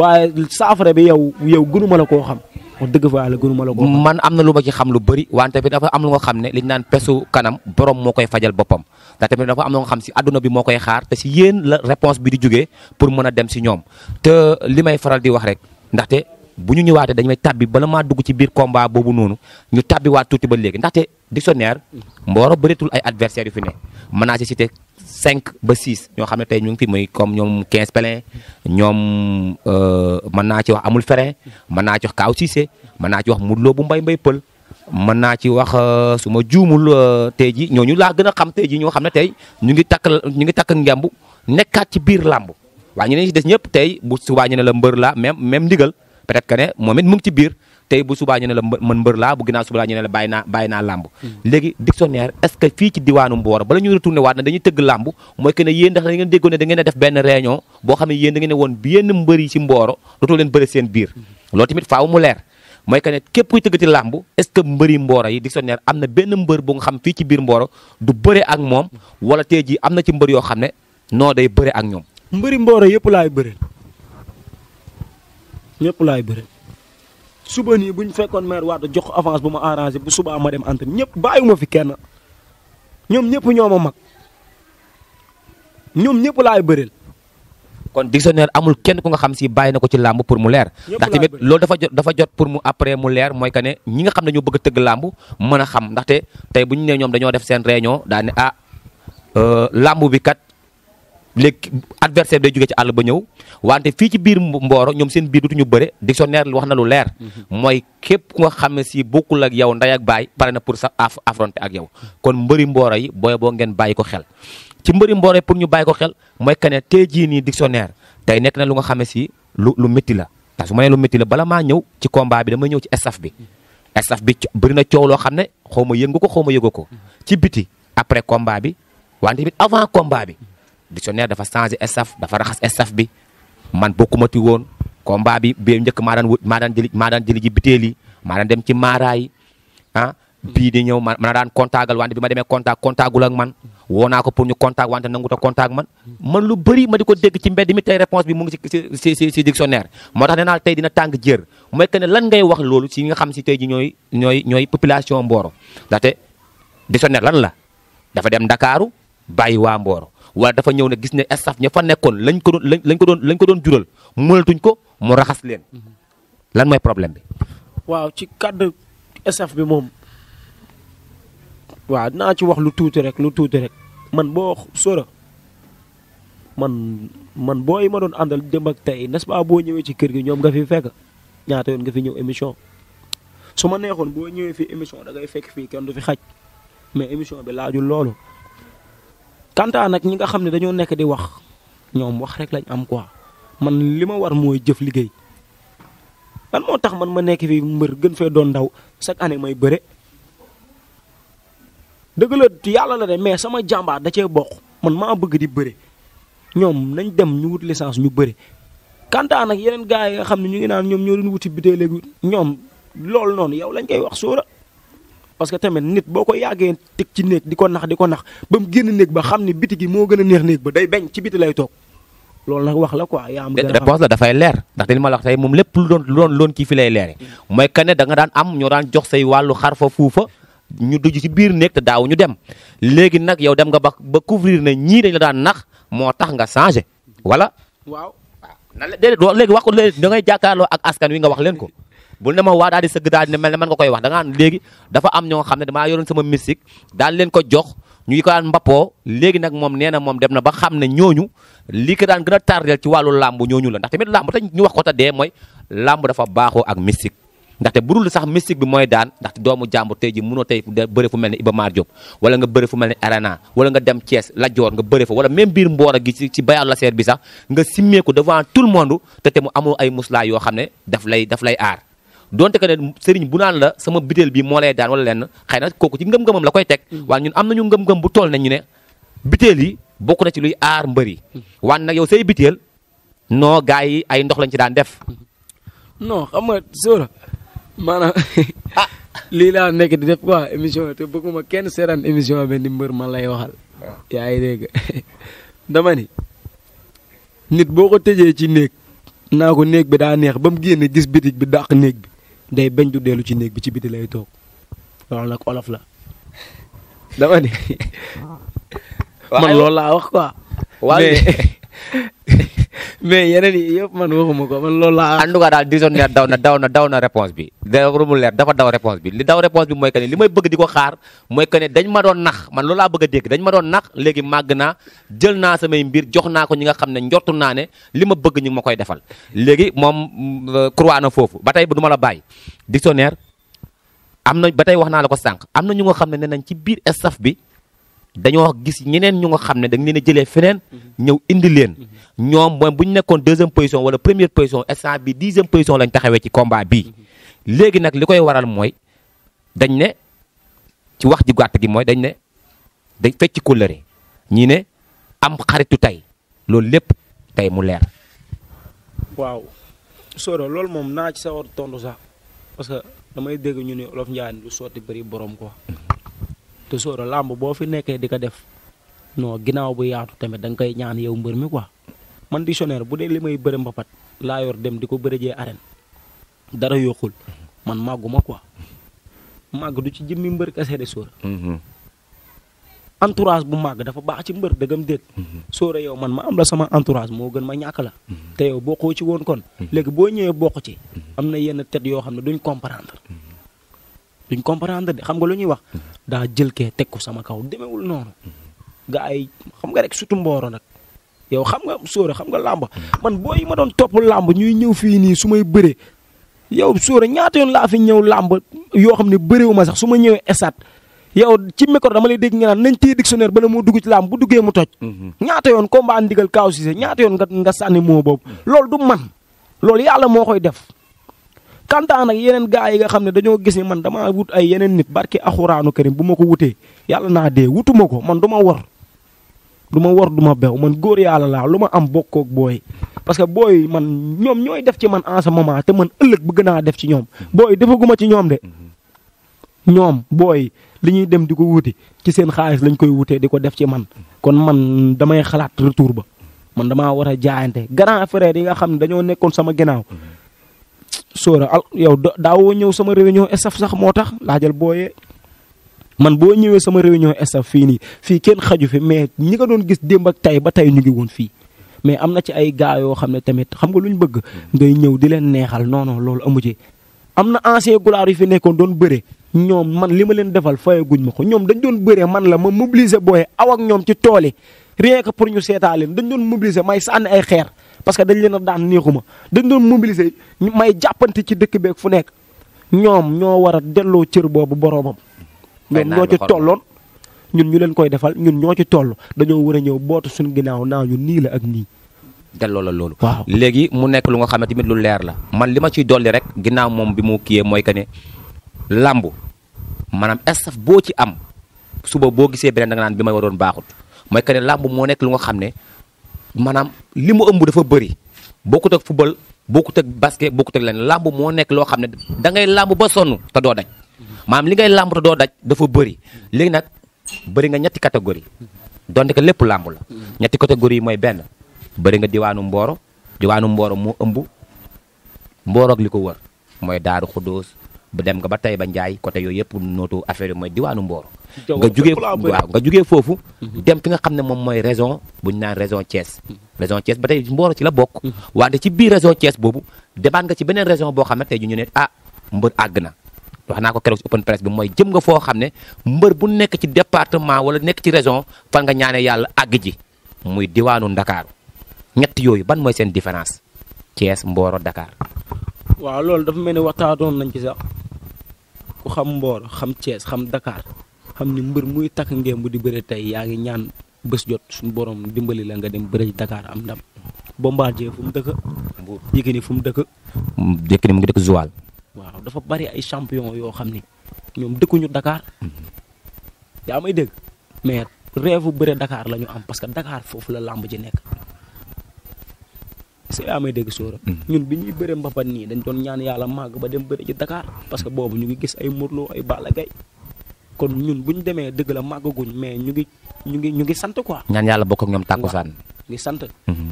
waye safara bi yow yow gënuma la ko xam wax deug fa la gënuma la ko xam man amna lu beri. ci xam lu bari wante bi dafa am lu nga xam ne li nane pesu kanam borom mo koy fajal bopam da tamit dafa am lu nga xam si aduna bi mo koy xaar te si yeen la réponse bi di jógee pour mëna dem si ñom te limay faral di wax rek bu ñu ñëwaatee dañ may tàbbi bala maa dugg ci biir combat boobu noonu ñu tàbbiwaat tuuti ba léegi ndaxte dictionnaire Mboro bëreetul ay adversaires yu fi ne mën naa ci cité cinq ba six ñoo xam ne tey ñu ngi fi muy comme ñoom quinze pelin ñoom euh, mën naa ci wax amul frein mën naa ci wax Kaaw Cissé mën naa ci wax Modou Lo bu mbay mbay pël mën naa ci wax euh, su ma juumul euh, tey ji ñooñu laa gën a xam tey ji ñoo xam ne tey ñu ngi takk ñu ngi takk ngemb nekkaat ci biir làmb waa ñeneen ci des ñëpp tey bu subaa ñu ne la mbër la même même ndigal peut-être que ne moom it mu ngi ci biir tey bu subaa ñu la man mbër laa bu ginnaaw subaa ñu ne la bàyyi naa bàyyi hmm. léegi dictionnaire est fii ci diwaanu Mboro bala ñuy retourné waat na dañuy tëgg làmb mooy que ne yéen ndax def benn réunion boo xam ne yéen ngeen ne woon yenn mbër yi ci Mboro dootoo leen bëri seen biir hmm. loolu tamit faaw mu leer mooy que képp kuy tëggati làmb est-ce mbëri Mboro yi dictionnaire am na benn mbër bu nga xam fii ci biir Mboro yoo xam ne noo day bëre ak ñoom mbëri Mboro yëpp laay bëre ñëpp laay bëre suba nii bu ñu fekkoon maire waat jox ko avance bu ma arrangé bu subaa ma dem antenne ñëpp bàyyiwuma fi kenn ñoom ñëpp ñoo ma mag ñoom ñëpp laay bëreel. kon dictionnaire amul kenn ku nga xam si bàyyi na ko ci làmb pour mu leer ndax tamit loolu dafa jot jot pour mu après mu leer mooy que ne ñi nga xam ne ñoo bëgg tëgg làmb mën a xam ndaxte tey bu ñu nee ñoom dañoo def seen réunion daane ne ah euh, làmb bi kat léegi adversaire day jóge ci àll ba ñëw wante fii ci biir mbooro ñoom seen biir dutuñu bëre dictionnaire wax na lu leer mhm. mooy képp ku nga xam ne si bokkul ak yow nday ak baay pare na pour sa affronter ak yow kon mbëri mbooro yi booy boo ngeen bàyyi ko xel ci mbëri mbooro yi pour ñu bàyyi ko xel mooy que ne tey jii nii dictionnaire te nekk na lu nga xam ne si lu lu métti la parce que ma neen lu métti la bala maa ñëw ci combat bi dama ñëw ci staff bi mhm. staff bi bëri na coow loo xam ne xaw ma yëngu ko xaw ma yëgu ko mhm. ci biti après combat bi wante tamit avant combat bi dictionnaire dafa changer SF dafa raxas SFB bi man bokuma won won combat bi be ñeuk ma dan ma dan jeli ma dan jeli ji dem ci maray ah bi di ñew ma dan contactal wante bi ma contact contactul ak man wona ko pour ñu contact wante nanguta contact man man lu bëri ma diko deg ci mbéd mi tay réponse bi mu ngi si si si dictionnaire motax dina tay dina tang jeer moy que ne lan ngay wax lolu ci nga xam ci tay ji ñoy ñoy ñoy population Mboro daté dictionnaire lan la dafa dem Dakaru bayi wa Mboro waa dafa ñëw ne gis ne staff ña fa nekkoon lañ ko doon lañ ko doon lañ ko doon jural mënatuñ ko mu raxas leen lan mooy problème bi. waaw ci cadre staff bi moom waaw dinaa ci wax lu tuuti rek lu tuuti rek man boo sora man man booy ma doon àndal démb ak tey n'est-ce boo ñëwee ci kër gi ñoom nga fi fekk ñaata yoon nga fi ñëw émission su ma neexoon boo ñëwee fi émission da ngay fekk fii kenn du fi xaj mais émission bi laajul loolu Kanta nag ñi nga xam ne dañoo nekk di wax ñoom wax rek lañ am quoi man li ma war mooy jëf liggéey lan moo tax man ma nekk fi mbër gën fee doon ndaw chaque année may bëre dëgg la yàlla la de mais sama jàmbaar dacee boq man maa bëgg di bëre ñoom nañ dem ñu wut licence ñu bëre. Kanta nag yeneen gars yi nga xam ne ñu ngi naan ñoom ñoo doon wuti butéel léegi ñoom loolu noonu yow lañ koy wax sóora. parce que tamit nit boo ko yàggee teg ci néeg di ko nax di ko nax ba mu génn néeg ba xam ni biti gi moo gën a neex néeg ba day bañ ci biti lay toog loolu nag wax la quoi yaa am réponse la dafay leer ndax te li ma la wax tey moom lépp lu doon lu doon loon fi lay leere mm. mooy que ne da daan am ñoo daan jox say wàllu xar fa fuufa ñu duj ci biir néeg te ñu dem léegi nag yow dem nga ba ba couvrir ne ñii dañ la daan nax moo tax nga changé wala waaw ah, na déedéet léegi wax ko léegi da ngay jàkkaarloo ak askan wi nga wax leen ko bul ne ma waa daal di sëgg daal di ne mel ne man nga koy wax da ngaa dafa am ñoo xam ne damaa yoroon sama mystique daan leen ko jox ñu ko daan mbappoo léegi nag moom nee na moom dem na ba xam ne ñooñu lii ko daan gën a tardeel ci wàllu làmb ñooñu la ndax tamit làmb te ñu wax ko te dee mooy làmb dafa baaxoo ak mystique ndaxte bu dul sax mystique bi mooy daan ndaxte doomu jàmbur tey ji mënoo tey bëre fu mel ne Iba Mar Diop wala nga bëre fu mel ne Arena wala nga dem Thiès la joor nga bëre fa wala même biir mboora gi ci ci bayaalu la bi sax nga simmee ko devant tout le monde te mu amul ay muslaa yoo xam ne daf lay daf aar donte que ne sëriñ bu naan la sama bitéel bi moo lay daan wala lenn xëy na kooku ci ngëm-ngëmam la koy teg mm. waa ñun am nañu ngëm-ngëm bu toll ne ñu ne bitéel yi bokk na ci luy aar mbër yi mm. waan nag yow say bitéel non yi ay ndox lañ ci daan def mm. non xam nga sóora maanaam ah nekk di def quoi émission te bëgguma kenn seetaan émission bi ni mbër man lay waxal ah. yaa ngi dégg dama ni nit boo ko tëjee ci néeg naa ko néeg bi daan neex ba mu génne gis bitig bi dàq néeg bi day bañ du dellu ci néeg bi ci biti lay toog loolu nag olof la dama ni man loolu laa wax quoi. mais yeneen yi yëpp man waxuma ko man loolu laa. en tout cas daal Dictionnaire daw na daw na daw na réponse bi da mu leer dafa daw réponse bi li daw réponse bi mooy que ne li may bëgg di ko xaar mooy que ne dañ ma doon nax man loolu bëgg dégg dañ ma doon nax léegi màgg naa jël naa samay mbiir jox naa ko ñi nga xam ne njortu naa ne li ma bëgg ñu ma koy defal léegi moom euh, croix na foofu ba tey du ma la bàyyi Dictionnaire am na ba tey wax naa la ko sànq am na ñu xam ne nee nañ ci biir staff bi. dañoo gis ñeneen ñu nga xam ne dañ leen a jëlee feneen ñëw indi leen ñoom mooy bu ñu nekkoon deuxième poison wala première position instant bi dixième position lañ taxawee ci combat bii léegi nag li koy waral mooy dañ ne ci wax ji gàtt gi mooy dañ ne dañ fecc kóllëre ñi ne am xaritu tey loolu lépp tey mu leer waaw Soro loolu moom naa ci sawar tontu sax parce que damay dégg ñu ne olof Ndiaye lu sotti bari borom ko te sóora làmb boo fi nekkee di ko def non ginnaaw bu yaatu tamit danga nga koy ñaan yow mbër mi quoi. man di Tionnerre bu dee li may bëre mbapat laa yor dem di ko bëre jee arène dara yokkul man màgguma quoi màgg du ci jëmmi mbër kese de sóora. Mm-hmm. entourage bu màgg dafa baax ci mbër dëggam déet mm-hmm. sóora yow man ma am la sama entourage moo gën ma ñàkk la mm-hmm. te yow bokkoo ci woon kon léegi boo ñëwee bokk ci am na yenn tet yoo xam ne duñ comprendre duñ comprendre de xam nga lu ñuy wax hmm. daa jël kee teg sama kaw demewul noonu nga hmm. ay xam nga rek sutu mboro nak yow xam nga soore xam nga lamb hmm. man booy ma doon topp lamb ñuy ñëw fii nii su may bëree yow soore ñaata yoon laa fi ñëw lamb yoo xam ne ma sax su ma ñëwee esat yow ci micro dama lay dégg nga naan nañ téye dictionnaire bala moo dugg ci lamb bu duggee mu toj ñaata yoon combat ndigal kaw si ñaata yoon nga nga sànni moo boobu du man loolu yàlla moo koy def kantaan nag yeneen gaa yi nga xam ne dañoo gis ni man damaa wut ay yeneen nit barki axuraanu karim bu ma ko wutee yàlla naa dee wutuma ko man du ma war du ma war du ma bew man góor yàlla laa lu ma am bokkook booy parce que booy man ñoom ñooy def ci man en ce moment te man ëllëg bëgg naa def ci ñoom booy defaguma ci ñoom de ñoom booy li ñuy dem di ko wuti ci seen xaalis lañu koy wutee di ko def ci man kon man damay xalaat retour ba man damaa war a jaayante grand frère yi nga xam ne dañoo nekkoon sama ginnaaw sóora al yow daawoo ñëw sama réunion staff sax moo tax laajal booyee man boo ñëwee sama réunion staff fii nii fii kenn xaju fi mais ñi nga doon gis démb ak tey ba tey ñu ngi woon fii mais am na ci ay gaa yoo xam ne tamit xam nga lu ñu bëgg hmm. ngay ñëw di leen neexal non loolu amu ci am na ancien gulaar yu fi nekkoon doon bëre ñoom man li ma leen defal fayaguñ ma ko ñoom dañ doon bëre man la ma mobiliser booyee aw ak ñoom ci tool yi rien pour ñu seetaa leen dañ doon mobiliser may sànni ay xeer parce que dañ leen a daan neexuma dañ doon mobiliser may jàppante ci dëkk beek fu nekk ñoom ñoo war a delloo cër boobu boroomam. ñoom ñoo ci tolloon ñun ñu leen koy defal ñun ñoo ci toll dañoo war a ñëw bootu suñu ginnaaw naaw ñu nii la ak nii. delloo la loolu. waaw léegi mu nekk lu nga xam ne tamit lu leer la man li ma ciy dolli rek ginnaaw moom bi mu kiiyee mooy que ne làmb maanaam estaf boo ci am suba boo gisee beneen da naan bi may waroon baaxut mooy que làmb moo nekk lu nga xam ne maanaam li mu ëmb dafa bëri bokkut ak football bokkut ak basket bokkut ak leneen làmb moo nekk loo xam ne da ngay làmb ba sonn te doo daj maanaam li ngay làmb te doo daj dafa bëri léegi nag bëri nga ñetti catégorie donte que lépp làmb la ñetti catégorie mooy benn bëri nga diwaanu mbooro diwaanu mbooro moo ëmb Mboro li ko wër mooy Daaru Xuddoos bu dem nga ba tey ba njaay côté yooyu yëpp nootu affaire yi mooy diwaanu mboor nga jugee waaw nga jugee foofu mhm. dem fi nga xam ne moom mooy région bu ñu naan région Thiès mhm. région Thiès ba tey mboor ci la bokk mhm. wante ci biir région Thiès boobu demaat nga ci beneen région boo xam ne tey ñu ne ah mbër àgg na wax naa ko keroog ci bi mooy jëm nga foo xam ne mbër bu nekk ci département wala nekk ci région fan nga ñaane yàlla àgg ji muy diwaanu Ndakaaru ñett yooyu ban mooy seen différence Thiès mbooro dakaar waaw loolu dafa mel ni waxtaanoon nañ ci sax ku xam Mboro xam Thiès xam dakaar xam ni mbër muy takk ngémb di bëre tey yaa ngi ñaan bës jot suñu borom dimbali la nga dem bëre dakaar am ndam Bombardier fu mu dëkk. Mbour Yékini fu mu dëkk. Yékini mu ngi dëkk Joal. waaw dafa bari ay champion yoo xam ni ñoom dëkkuñu Dakar. Mm-hmm. yaa may dégg mais rêve bu bëre dakaar la ñu am parce que Dakar foofu la làmb ji nekk. si amee dégg sóora mm. ñun bi ñuy bëre mbapat nii dañ doon ñaan yàlla màgg ba dem bëre ci Dakar parce boobu ñu ngi gis ay Modou Lo ay Balla Gaye kon ñun bu ñu demee dëgg la màggaguñ mais ñu ngi ñu ngi ñu ngi sant quoi. ñaan yàlla bokk ak ñoom tàkkusaan ngi sant. Mm-hmm.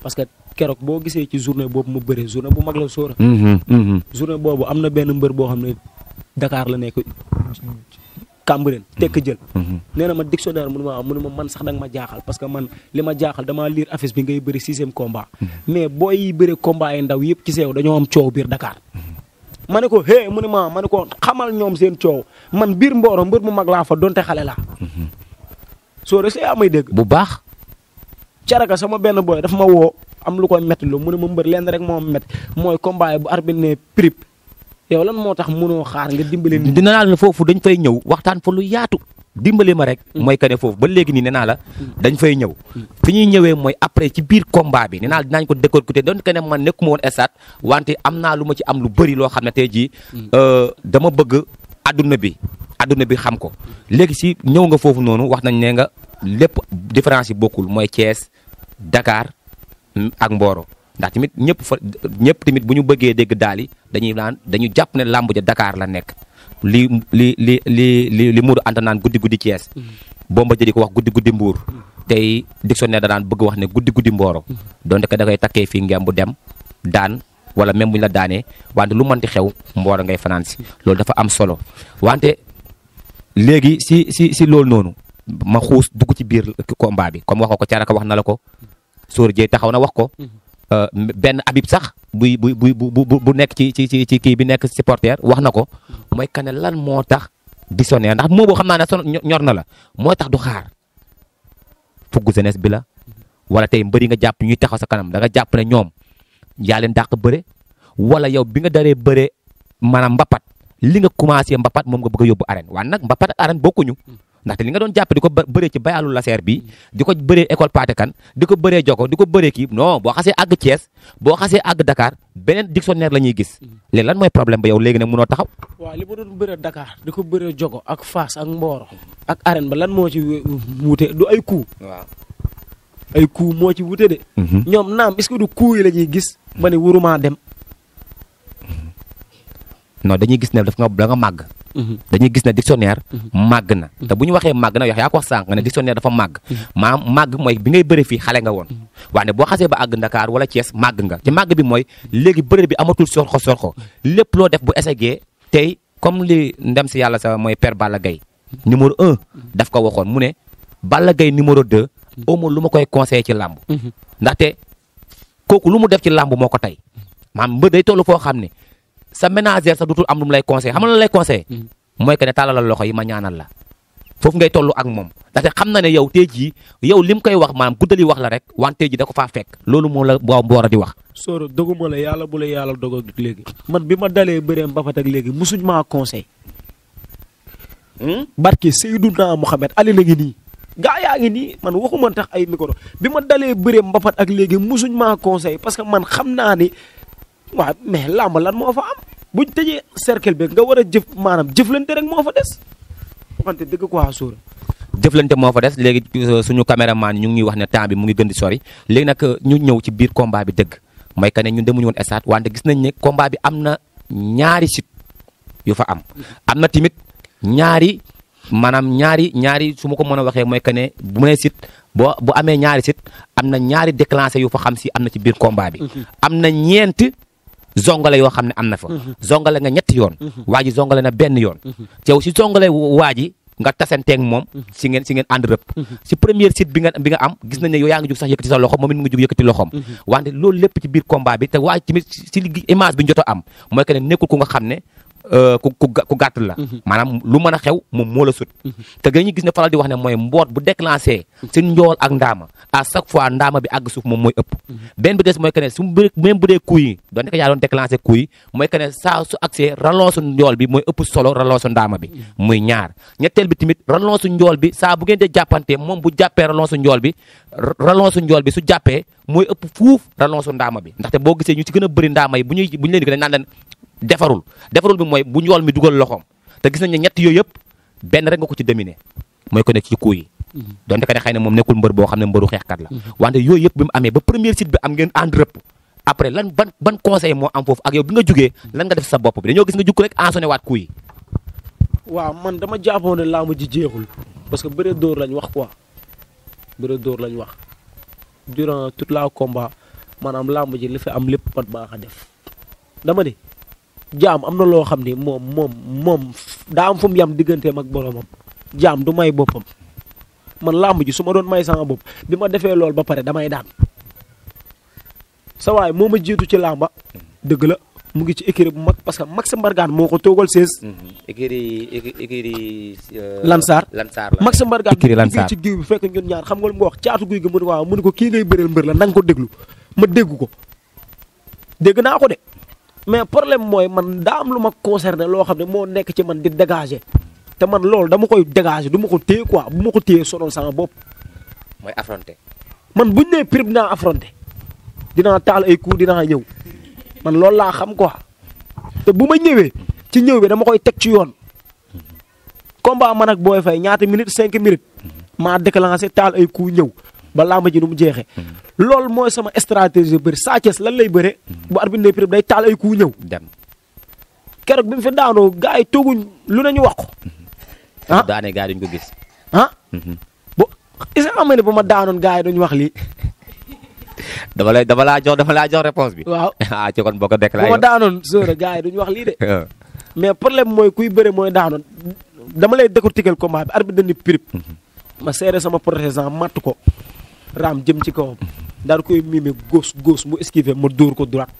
parce que keroog boo gisee ci journée boobu mu bëre journée bu mag la sóora mm-hmm, mm-hmm. journée boobu am na benn mbër boo xam ne dakaar la nekk. Cambérène tekk jël mm-hmm. Mm-hmm. nee na ma dictionnaire mënu ma ma man sax da nga ma jaaxal parce que man li ma jaaxal damaa lire affiche bi ngay bëri sixième combat mm-hmm. mais booy yi bëri combat yi ndaw yëpp ci seew dañoo am coow biir Dakar ma ne ko hé mu ne ma ma ne ko xamal ñoom seen coow man biir Mboro mbër mu mag laa fa donte xale la soo rek yaa may dégg bu baax caraka sama benn booy daf ma woo am lu koy métti lu mu ne ma mbër leen rek moom métti mooy combat yi bu arbitre ne prip yow lan moo tax munoo xaar nga dimbale nit dina naa la foofu dañ fay ñëw waxtaan fa lu yaatu dimbale ma rek mm. mooy que ne foofu ba léegi nii nee naa la mm. dañ fay ñëw mm. fi ñuy ñëwee mooy après ci biir combat bi nee naa dinañ ko décortiquer doon que ne man nekkuma woon stade wante am naa lu ma ci am lu bëri loo xam ne tey jii euh, dama bëgg adduna bi adduna bi xam ko léegi si ñëw nga foofu noonu wax nañ ne nga lépp différence yi bokkul mooy Thiès Dakar ak Mboro ndax tamit ñëpp fa ñëpp tamit bu ñu bëggee dégg daal yi dañuy naan dañu jàpp ne làmb ja Dakar la nekk li li li li li li Modou Anta naan guddi guddi Thiès mm. bomba jëri ko wax guddi guddi Mbour mm. tey dictionnaire da daan bëgg wax ne guddi guddi Mboro mm. donte que da takkee fii ngeen bu dem daan wala même la daanee wante lu mënti xew Mboro ngay fanaan si loolu dafa am solo wante léegi si si si loolu noonu ma xuus dugg ci biir combat bi comme waxoo ko caraka wax na la ko sóor jëy taxaw na wax ko Euh, ben Habib sax bu bu bu bu bu nek ci ci ci ki bi nek supporter wax nako ko kané lan motax tax dissonné ndax mo bo xamna na son ñor na la motax du xaar fugu jeunesse bi la wala tay mbeuri nga japp ñuy taxaw sa kanam da nga japp né ñom ya leen dakk bëre wala yow bi nga daré bëre manam mbapat li nga commencé mbapat mom nga bëgg yobbu arène wa nak mbapat arène bokku ñu ndaxte li nga doon jàppe di ko bëree ci bayalu beri la seer bi di ko bëree école Paate Kan di ko Joko di ko bëree kii non boo xasee àgg Thiès boo xasee àgg Dakar beneen dictionnaire la ñuy gis mm-hmm. léegi lan mooy problème ba yow léegi nag mënoo taxaw waaw li ma doon bëree Dakar di ko bëree Joko ak Fass ak Mboro ak arène ba lan moo ci wuute du ay coup waaw ay coup moo ci wute de mm-hmm. ñoom nam, est-ce que du coup yi la ñuy gis ma ne wuruma dem non dañuy gis ne daf nga nga màgg dañuy gis ne dictionnaire mhm. màgg na mhm. te bu ñu waxee màgg na yox yaa ko wax sànq nga ne dictionnaire dafa màgg mhm. maam màgg mooy bi ngay bëri fii xale nga woon waane boo xasee ba àgg ndakaar wala cees màgg nga ci màgg bi mooy léegi bëri bi amatul sorxo sorxo lépp loo def bu essayé tey comme li ndem si yàlla sa mooy per Balla Gaye numéro un daf ko waxoon mu ne Balla gay numéro deux amul lu ma koy conseillé ci làmb ndaxte kooku lu mu def ci làmb moo ko tey maam mbër day xam ne sa ménagère sa dutul am lu mu lay conseil xam nga lu lay conseil hmm. mooy que ne tàllalal loxo yi ma ñaanal la foofu ngay toll ak moom ndaxte xam na ne yow tey jii yow mu koy wax maanaam guddali wax la rek wante ji da ko faa fekk loolu moo la boora di wax sooro doguma la yàlla bu la yàlla dog ak léegi man bi ma dalee bëreem ba fat ak léegi musuñ maa conseil hmm? barke Seydunaa Muhammad Ali la ngi nii gaa yaa ngi nii man waxuma tax ay micro bi ma dalee bëreem ba ak léegi musuñ maa conseil parce que man xam naa waaw mais làmb lan moo fa am buñ tëjee cercle bi nga war a jëf maanaam jëflante rek moo fa des waxante dëgg quoi suura. jëflante moo fa des léegi euh, suñu caméraman ñu ngi ñuy wax ne temps bi mu ngi gën di sori léegi nag euh, ñu ñëw ci biir combat bi dëgg mooy que ne ñun demuñu woon stade wante gis nañ ne combat bi am na ñaari sit yu fa am na tamit ñaari maanaam ñaari ñaari su ma ko mën a waxee mooy que ne bu mu nee sit boo bu amee ñaari sit am na ñaari déclenché yu fa xam si am na ci biir combat bi mhm. am na ñeent zongale yoo xam ne am na fa. Mhm. zongale nga ñetti yoon. Mhm. waa ji zongale na benn yoon. Mhm. yow si zongale waa ji nga tasanteeg moom. si ngeen si ngeen ànd rëpp. si première site bi nga bi nga am gis nañ ne yaa ngi jug sax yëkkati sa loxo moom it mu ngi jug yëkkati loxoom. wante loolu lépp ci biir combat bi te waa tamit si image bi ñu a am mooy que ne nekkul ku nga xam ne. Euh, ku ku ku lumana la mhm. maanaam lu mën xew moom moo la sut mhm. te dañuy gis ne faral di wax ne mooy mboot bu déclenché si njool ak à chaque fois bi agusuf suuf moom ben ëpp mhm. benn bi des mooy que kui su même bu dee kuy yi doon nekk yaa doon déclenché kuy yi su accès bi mooy ëpp solo reloosu ndaama bi muy ñaar ñetteel bi tamit reloosu njool bi saa bu ngeen dee jàppante moom bu bi reloosu njool bi su jàppee mooy ëpp fuuf reloosu ndaama bi ndaxte boo gisee ñu si gën bëri yi bu ñuy leen di kene a defarul defarul bi moy bu ñool mi duggal loxom te gis nañ ñet ñett yooyu yëpp rek nga ko ci dominer moy ko nek ci kuy yi mm-hmm. donte ka ne xëy na moom nekkul mbër boo xam la mm-hmm. wante bi mu ba premier site bi am ngeen rep après lan ban ban conseil mo am fofu ak yow bi nga juggé lan nga def sa bop bi dañu gis nga jukku rek ansoné wat kuy wa man dama jappone la mu ji jeexul parce que bëre dor lañ wax quoi dor lañ wax durant toute la combat manam lamb ji li fi am lepp pat def dama ni jaam am na loo mom, mom, mom, moom moom am fum yam digeunte mak boromam jaam du may bopam man lamb ji suma ma may sama bop bima defé lol ba paré damay daan sa way moma jitu ci lamba deug la mu ngi ci écurie bu mak parce que Max Mbargane moo ko toogal sees. Mhm. écurie écurie euh, Lansar Lansar la Max mbargan écurie Lansar ci géew bi fekk ñun ñaar xam nga lu mu wax ciatu guuy gi mu ne wa mu ne ko ki ngay beurel mbeur la nang ko déglu ma deggu ko dégg na ko de. mais problème mooy man daa am lu ma concerné loo xam ne moo nekk ci man di dégager te man loolu dama koy dégager du ma ko téye quoi bu ma ko téye sonal sama bopp. mooy affronter. man bu ñu nee prime dinaa affronter taal ay coups dinaa ñëw man loolu laa xam quoi te bu ma ñëwee ci ñëw bi dama koy teg ci yoon comme combat man ak Boy Faye ñaata minutes cinq minutes mm-hmm. maa déclenché taal ay coups ñëw ba ma ji nu mu jeexee. Mm. loolu mooy sama stratégie bëri Sa Thiès lan lay bëre. Mm. bu arbitre ne prix day taal ay ku ñëw. dem keroog bi mu fi daanoo gars yi tooguñ lu nañu wax ko. Mm-hmm. ah daanee gars yi duñ gis. ah. Mm-hmm. bu ne bu ma daanoon gars yi duñ wax lii. dama lay dama laa jox dama laa jox réponse bi. waaw ah ci kon boo ko déclaré. bu ma daanoon sóora gars yi duñ wax lii de. Ah. mais problème mooy kuy bëre mooy daanoon dama lay décortiquer combat bi arbitre dañuy prix. Mm-hmm. ma seere sama protestant matt ko. raam jëm ci kawam daal koy miime góos góos mu esquivé ma dóor ko droite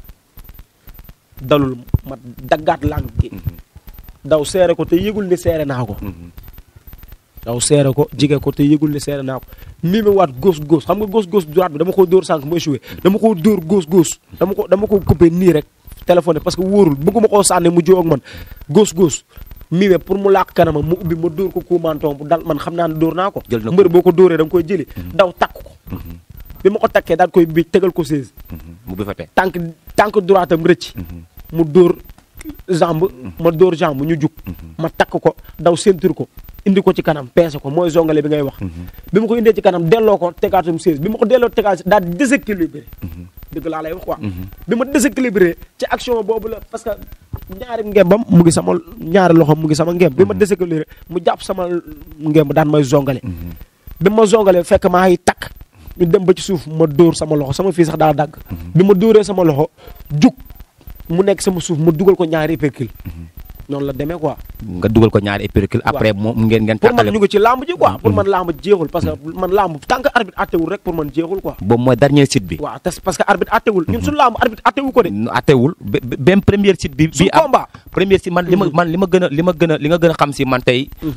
dalul ma daggaat làng gi mm-hmm. daw seere ko te yëgul ni seere naa ko mm-hmm. daw seere ko jige ko te yëgul seere naa ko miime waat góos góos xam nga góos góos droite bi dama ko dóor sànq mu échoué dama ko dóor góos góos dama ko dama ko coupé nii rek téléphoné parce que wóorul bëgguma koo sànni mu joo ak man góos góos miime pour mu laak kanama mu ubbi ma dóor ko kuumantoom bu dal man xam naa ne dóor naa ko mbër boo ko dóoree da koy jëli mm-hmm. daw takk ko bi ma ko takkee daal koy bi tegal ko seize. Mhm. mu bi fa teg tànk tànk droite am rëcc. Mhm. mu dóor jambe. Mhm. ma dóor jambe ñu jug. ma takk ko daw sentir ko indi ko ci kanam peese ko mooy zongale bi ngay wax. bi ma ko indee ci kanam delloo ko tegaatum seize bi ma ko delloo tegaat daal di déséquilibré. dëgg laa lay wax quoi. bi ma déséquilibré ci action boobu la parce que ñaari ngembam mu ngi sama ñaari loxo mu ngi sama ngemb bi ma déséquilibré mu jàpp sama ngemb daan may zongale. bi ma zongalee fekk maa ngi takk. ñu dem ba ci suuf ma dóor sama loxo sama fii sax daa dagg. Mhm. bi ma dóoree sama loxo jug mu nekk sama suuf ma dugal ko ñaari percule. Mhm. noonu la demee quoi. nga dugal ko ñaari épercule après moom ngeen ngeen. pour man ñu mm-hmm. jeexul parce man lamb tant que attewul rek pour man jeexul quoi. boobu mooy dernier site bi. waaw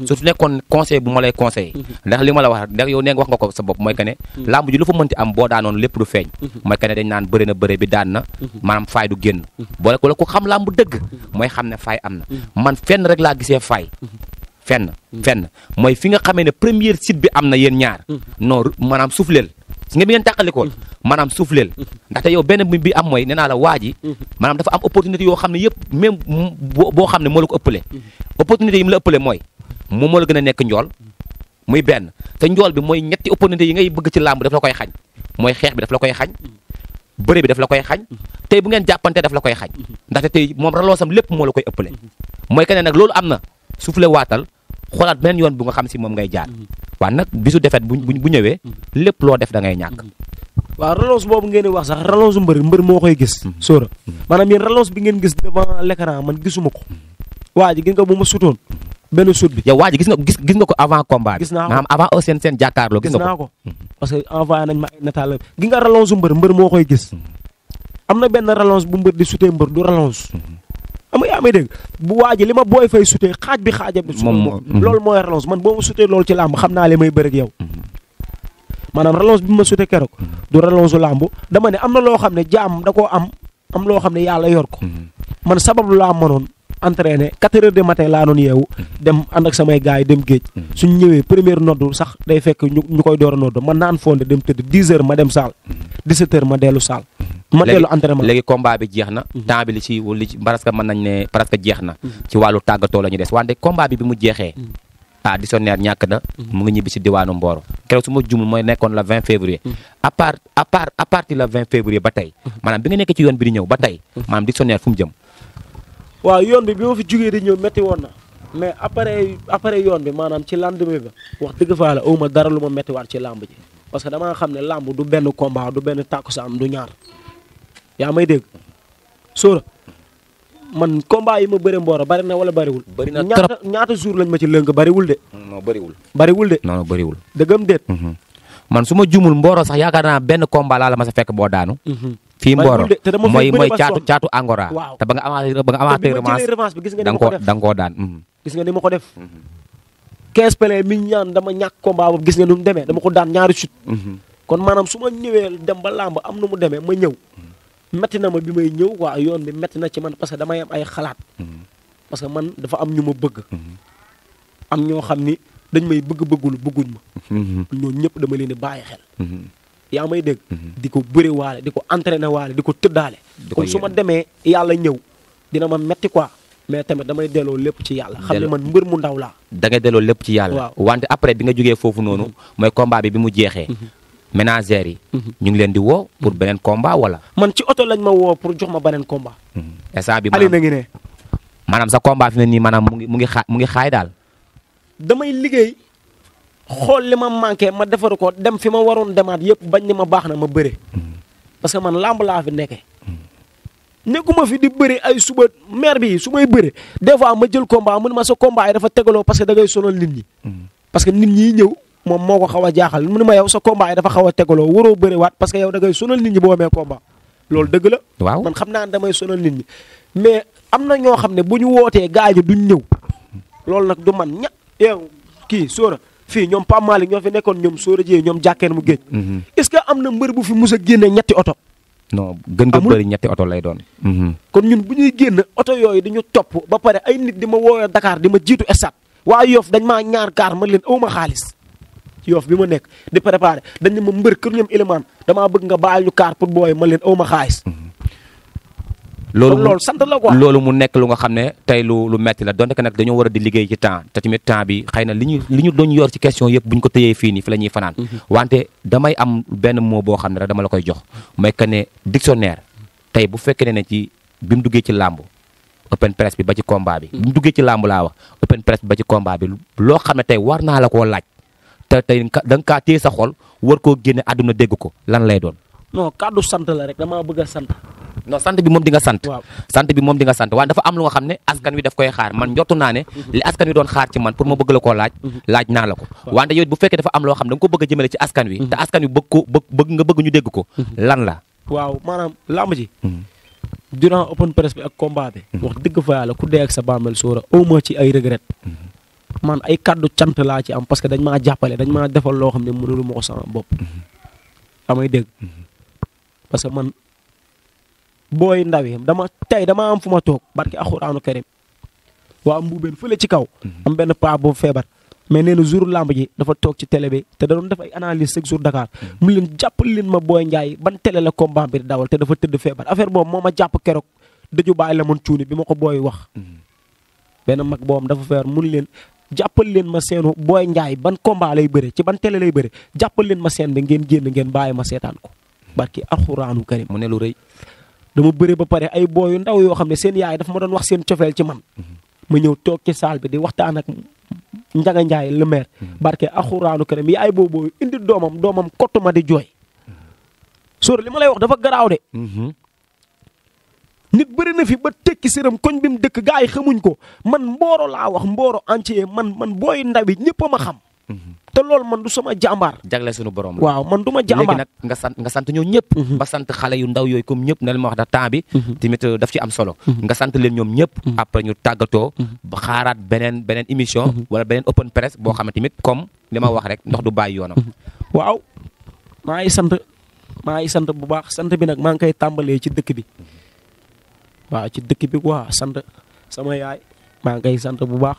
su nekkoon conseil bu ma lay conseil mm-hmm. ndax li ma la wax ndax yow nee nga wax nga ko sa bopp mooy que ne. Mm-hmm. ji lu fa mënti am boo daanoon lépp du feeñ. mooy que dañ naan bëri na bëri bi daan na maanaam faay du génn boole ko la ku xam lamb dëgg mooy xam ne faay am na man fenn rek laa gisee fay. fenn fenn mooy fi nga xamee ne première site bi am na yéen ñaar. non maanaam suufleel si nga bi ngeen tàqalikoo maanaam suufleel ndaxte yow benn bi am mooy nee naa la waa ji maanaam dafa am opportunité yoo xam ne yëpp même boo xam ne moo la ko ëppale opportunité yi mu la ëppale mooy moom moo la gën a nekk njool muy benn te njool bi mooy ñetti opportunité yi ngay bëgg ci làmb daf la koy xañ mooy xeex bi daf la koy xañ bëre bi daf la koy xañ tey bu ngeen jàppante daf la koy xañ ndaxte tey moom raloosam lépp moo la koy ëppale moy que nak nag amna na soufflé watal xolat beneen yoon bu nga xam ci mom ngay jaar mm-hmm. wa nak bisu defet bu bu ñëwee mm-hmm. lépp loo def da ngay ñak mm-hmm. wa relance bobu ngeen di wax sax relance mbeur mbeur mo koy gis sóora manam yeen relance bi ngeen gis devant l'écran man gisumako ko gën ji gis nga bu ma sutoon benn sut bi yow waa gis nga gis nga ko avant combat bi maanaam avant seen sen jàkkaarloo gis nga ko parce que envoyé nañ ma ay gi nga relance mbeur mbeur mo koy gis amna benn relance bu mbeur di sutee mbeur du relance am yaa may dégg bu waaj li ma booy fay sutee xaaj bi bi moom moom mm-hmm. lool mooy relance man boo ma sutee loolu ci làmb xam naa li may bëreeg yow. Mm-hmm. maanaam relance bi ma sutee keroog. Mm-hmm. du relance su làmb dama ne am na loo xam ne jaam da koo am am loo xam ne yàlla yor ko. man sabab lu laa mënoon entraîné quatre heures de matin laa noonu yeewu mhm. dem ànd ak samay gars yi dem géej mhm. suñ ñëwee première noddu sax day fekk ñu koy door a noddu man naan fonde dem tëdd dix heures ma dem saal mhm. dix sept heures ma dellu saal ma dellu entraînement léegi combat bi jeex na temps bi li ci li ci nañ ne presque jeex na ci wàllu tàggatoo la ñu des wante combat bi bi mu jeexee ah Dissoneur ñàkk da mu ngi ñibbi si diwaanu Mboro keroog su ma jumul mooy nekkoon le 20 février à part à part à février ba tey maanaam bi nga nekk ci yoon bi di ñëw ba tey maanaam Dissoneur fu mu jëm waaw yoon bi bi ma fi jógee di ñëw métti woon na mais après après yoon bi maanaam ci lendemain ba wax dëgg faa la aw ma dara lu ma méttiwaat ci làmb ji parce que damaa xam ne làmb du benn combat du benn tàkkusaan du ñaar yaa may dégg sóora man combat yi ma bëri mboora bari na wala bariwul. bari na trop ñaata ñaata jour lañ ma ci lënk bariwul de. non bariwul. bariwul de. non bariwul. dëggam déet. Mm-hmm. man suma boros jumul mboro sax yaakaar naa benn combat la la ma sa fek bo daanu. Mhm. fi mboro moy moy chatu chatu angora. ta ba nga amateur ba nga amateur revanche da nga dang ko nga koo daan. gis nga ni mako mhm. def. kees pele mi ñaan dama ñak combat boobu gis nga lu mu dama ko daan ñaari chut mhm. kon manam suma dem ba lamb am nu mu ma ñëw. metti na ma bi may ñëw wa yoon bi metti na ci man parce que dama yam ay xalaat. parce que man dafa am ñuma bëgg. am ño xamni dañ may bëgg bëggul bëgguñ ma. Mhm. ñooñu ñëpp dama leen di bàyyi xel. Mhm. yaa may dégg. Mhm. di ko bëre waale di ko entraîner waale di ko tëddaale. kon su ma demee yàlla ñëw dina ma metti quoi. mais tamit damay delloo lépp ci yàlla. xam ne man mbër mu ndaw laa. dangay delloo lépp ci yàlla. wante après bi nga jógee foofu noonu. mooy combat bi bi mu jeexee. ménagères yi. ñu ngi leen di woo pour beneen combat wala. man ci oto lañ ma woo pour jox ma beneen combat. instant bi maanaam Aliou na ngi ne. maanaam sa combat fi ne mu ngi mu mu ngi xaay daal. damay liggéey xool li ma manqué ma defar ko dem fi ma waroon demaat yëpp bañ ni ma baax na ma bëre mm. parce que man làmb laa fi nekkee nekkuma fi di bëri ay suba maire bi su may bëri des fois ma jël combat mu ma sa combat yi dafa tegaloo parce que da ngay nit ñi. Mm. parce que nit ñi ñëw moom moo ko xaw a jaaxal mu ma yow sa combat yi dafa xaw a tegaloo waroo bëri waat parce que yow da ngay sonal nit ñi boo amee combat loolu dëgg la. waaw man xam naa ne damay sonal nit ñi mais am na ñoo xam ne bu ñu wootee gaañu duñ ñëw mm. loolu nag yow eh, kii sóora fii ñoom Pape Malick ñoo fi nekkoon ñoom sóora jiyee ñoom jàkkeen mu géej mm-hmm. est-ce que am na mbër bu fi mus a génne ñetti oto non gën nga bëri ñetti oto lay doon mm-hmm. kon ñun bu ñuy génn oto yooyu dañu topp ba pare ay nit di ma woowee dakaar di ma jiitu stade waa Yoff dañ maa ñaar kaar man leen awma xaalis Yoff bi ma nekk di préparé dañ ne ma mbër kër ñoom élément damaa bëgg nga baal ñu kaar pour booy man leen awma xaalis mm-hmm. loolu loolu sant la mu nekk lu nga xam ne tey lu lu metti la donte que nag dañoo war a di liggéey ci temps te tamit temps bi xëy na li ñu li yor ci question yëpp bu ñu ko tëyee fii nii fi la fanaan mhm. wante damay am benn mot boo xam ne rek dama la koy jox mooy que ne dictionnaire tey bu fekkee ne ci bi mu ci làmb open press bi ba ci combat bi mhm. bi mu làmb laa wax open press bi ba ci combat bi loo xam ne tey war naa la koo laaj te tey da nga kaa téye sa xol war koo génne àdduna dégg ko lan lay doon non sant bi moom di nga sant sant bi moom di nga dafa am lu nga xam ne askan wi daf koy xaar man njottu naa ne mhm. li askan wi doon xaar ci man pour ma bëgg la koo laaj mhm. laaj naa la ko wante yow dafa am loo nga ko bëgg a jëmale ci askan wi wax dëgg fa yàlla ku dee ak sa bàmmeel sóora au moins ci ay regret mhm. man ay kàddu cant laa ci am parce que dañ maa jàppale dañ maa defal loo xam ne mënulu ma ko sama bopp amay dégg parce man booy ndaw dama tey dama am fu ma toog barki alxuraanu karim waa mbuubeen fële ci kaw. Mhm. am benn paa boobu feebar. mais nee na jour lamb ji dafa toog ci télé bi te da doon def ay analyse chaque jour Dakar mhm. mu leen jàppal leen ma Boy Ndiaye ban télé la combat bi dawal te dafa tëdd feebar affaire boobu moo ma jàpp keroog dëju bàyyi la man bi ma ko booy wax. Mhm. benn mag boobam dafa feebar mun leen jàppal leen ma seenu booy njaay ban combat yu bëre ci ban tele lay bëre jàppal leen ma seen bi ngeen génn ngeen bàyyi ma seetaan ko barki alxuraanu karim mu ne lu rëy dama bëre ba pare ay booyu ndaw yoo xam ne seen yaay dafa ma doon wax seen cofeel ci man ma ñëw toog ci saal bi di waxtaan ak Njaga Njaay le a barke axuraanu karim boo boobu indi doomam doomam kottu ma di jooy sóor li ma lay wax dafa garaaw de mhm. nit bëri na fi ba tekki séram koñ bi mu dëkk gaa yi xamuñ ko man mbooro laa wax mbooro entier man man booy ndaw yi ñëpp a ma xam Mhm. te loolu man du sama jambar jagle suñu borom waaw man duma jambar nak nga sant nga sant ñoom ñëpp. ba mhm. sant xalé yu ndaw yoy kum ñëpp na leen ma wax da temps bi. Mhm. timit euh, daf ci am solo. nga sant leen ñom ñëpp. après ñu tagato ba xaaraat benen benen émission. wala benen open press bo xam timit comme lima wax rek ndox du bay yoonam. waaw ma ay sant ma ay sant bu baax sant bi nak ma ngay koy ci dëkk bi waaw ci dëkk bi quoi sant sama yaay ma ngay koy sant bu baax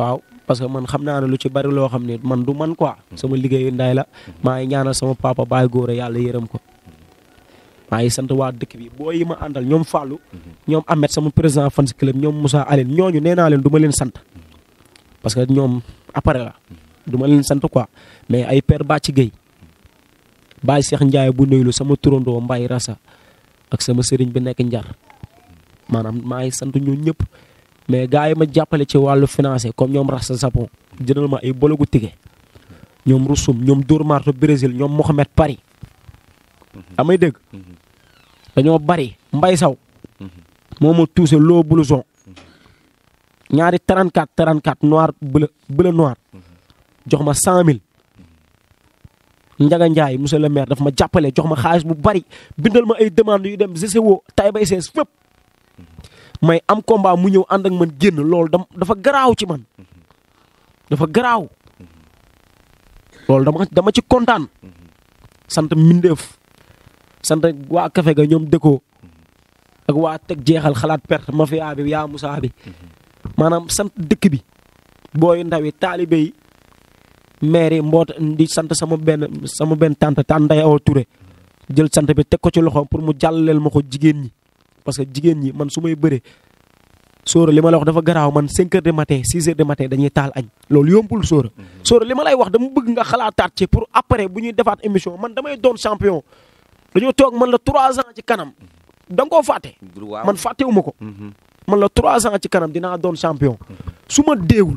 waaw. parce que man xam naa ne lu ci bari loo xam ne man du man quoi mm-hmm. sama liggéeyu ndaay la mm-hmm. maa ngi ñaanal sama papa baay góor a yàlla yërëm ko mm-hmm. maa ngi sant waa dëkk bi boo yi ma àndal ñoom Fallou ñoom Ahmed sama président fans club ñoom Moussa Allen ñooñu nee naa leen du leen sant parce que ñoom appareil la du ma leen sant quoi mais ay père Bàcc géey Baye Cheikh Ndiaye bu nuylu sama turandoo mbay Rassa ak sama sëriñ bi nekk Njar maanaam maa sant ñooñu ñëpp mais gars yi ma jàppale ci wàllu financé comme ñoom Rasta Japon jëndal ma ay bologu tige ñoom Rusum ñoom Dóor Marto Brésil ñoom Mohamed Paris. Mhm. amay dégg mhm. dañoo bari mbay saw mhm. moo ma tuuse loo blouson ñaari 34 34 noir bleu noir jox ma 100000 Njaga Njaay monsieur le maire daf ma jàppale jox ma xaalis bu bari bindal ma ay demande yu dem GCO Taïba SS fépp. may am combat mu ñëw ànd ak man génn loolu dam dafa garaaw ci man dafa garaaw loolu dama dama ci kontaan sant mbindeef sant waa kafe ga ñoom dëkkoo ak waa teg jeexal xalaat perte mafia bi yaa Musaa bi maanaam sant dëkk bi booy ndaw yi taalibe yi maire yi mboota di sant sama benn sama benn tante tàndayaw Touré jël sant bi teg ko ci loxo pour mu jàllaleel ma ko jigéen ñi parce que jigéen ñi man su may bëree sóora li ma lay wax dafa garaaw man 5 heures de matin 6 de matin dañuy taal añ loolu yombul sóora mhm. sóora li ma lay wax dama bëgg nga xalaataat ci pour après bu ñuy defaat émission man damay doon champion dañoo toog man la trois ans ci kanam mhm. da nga koo fàtte man fàttewuma ko mhm. man la 3 ans ci kanam dinaa doon champion su ma deewul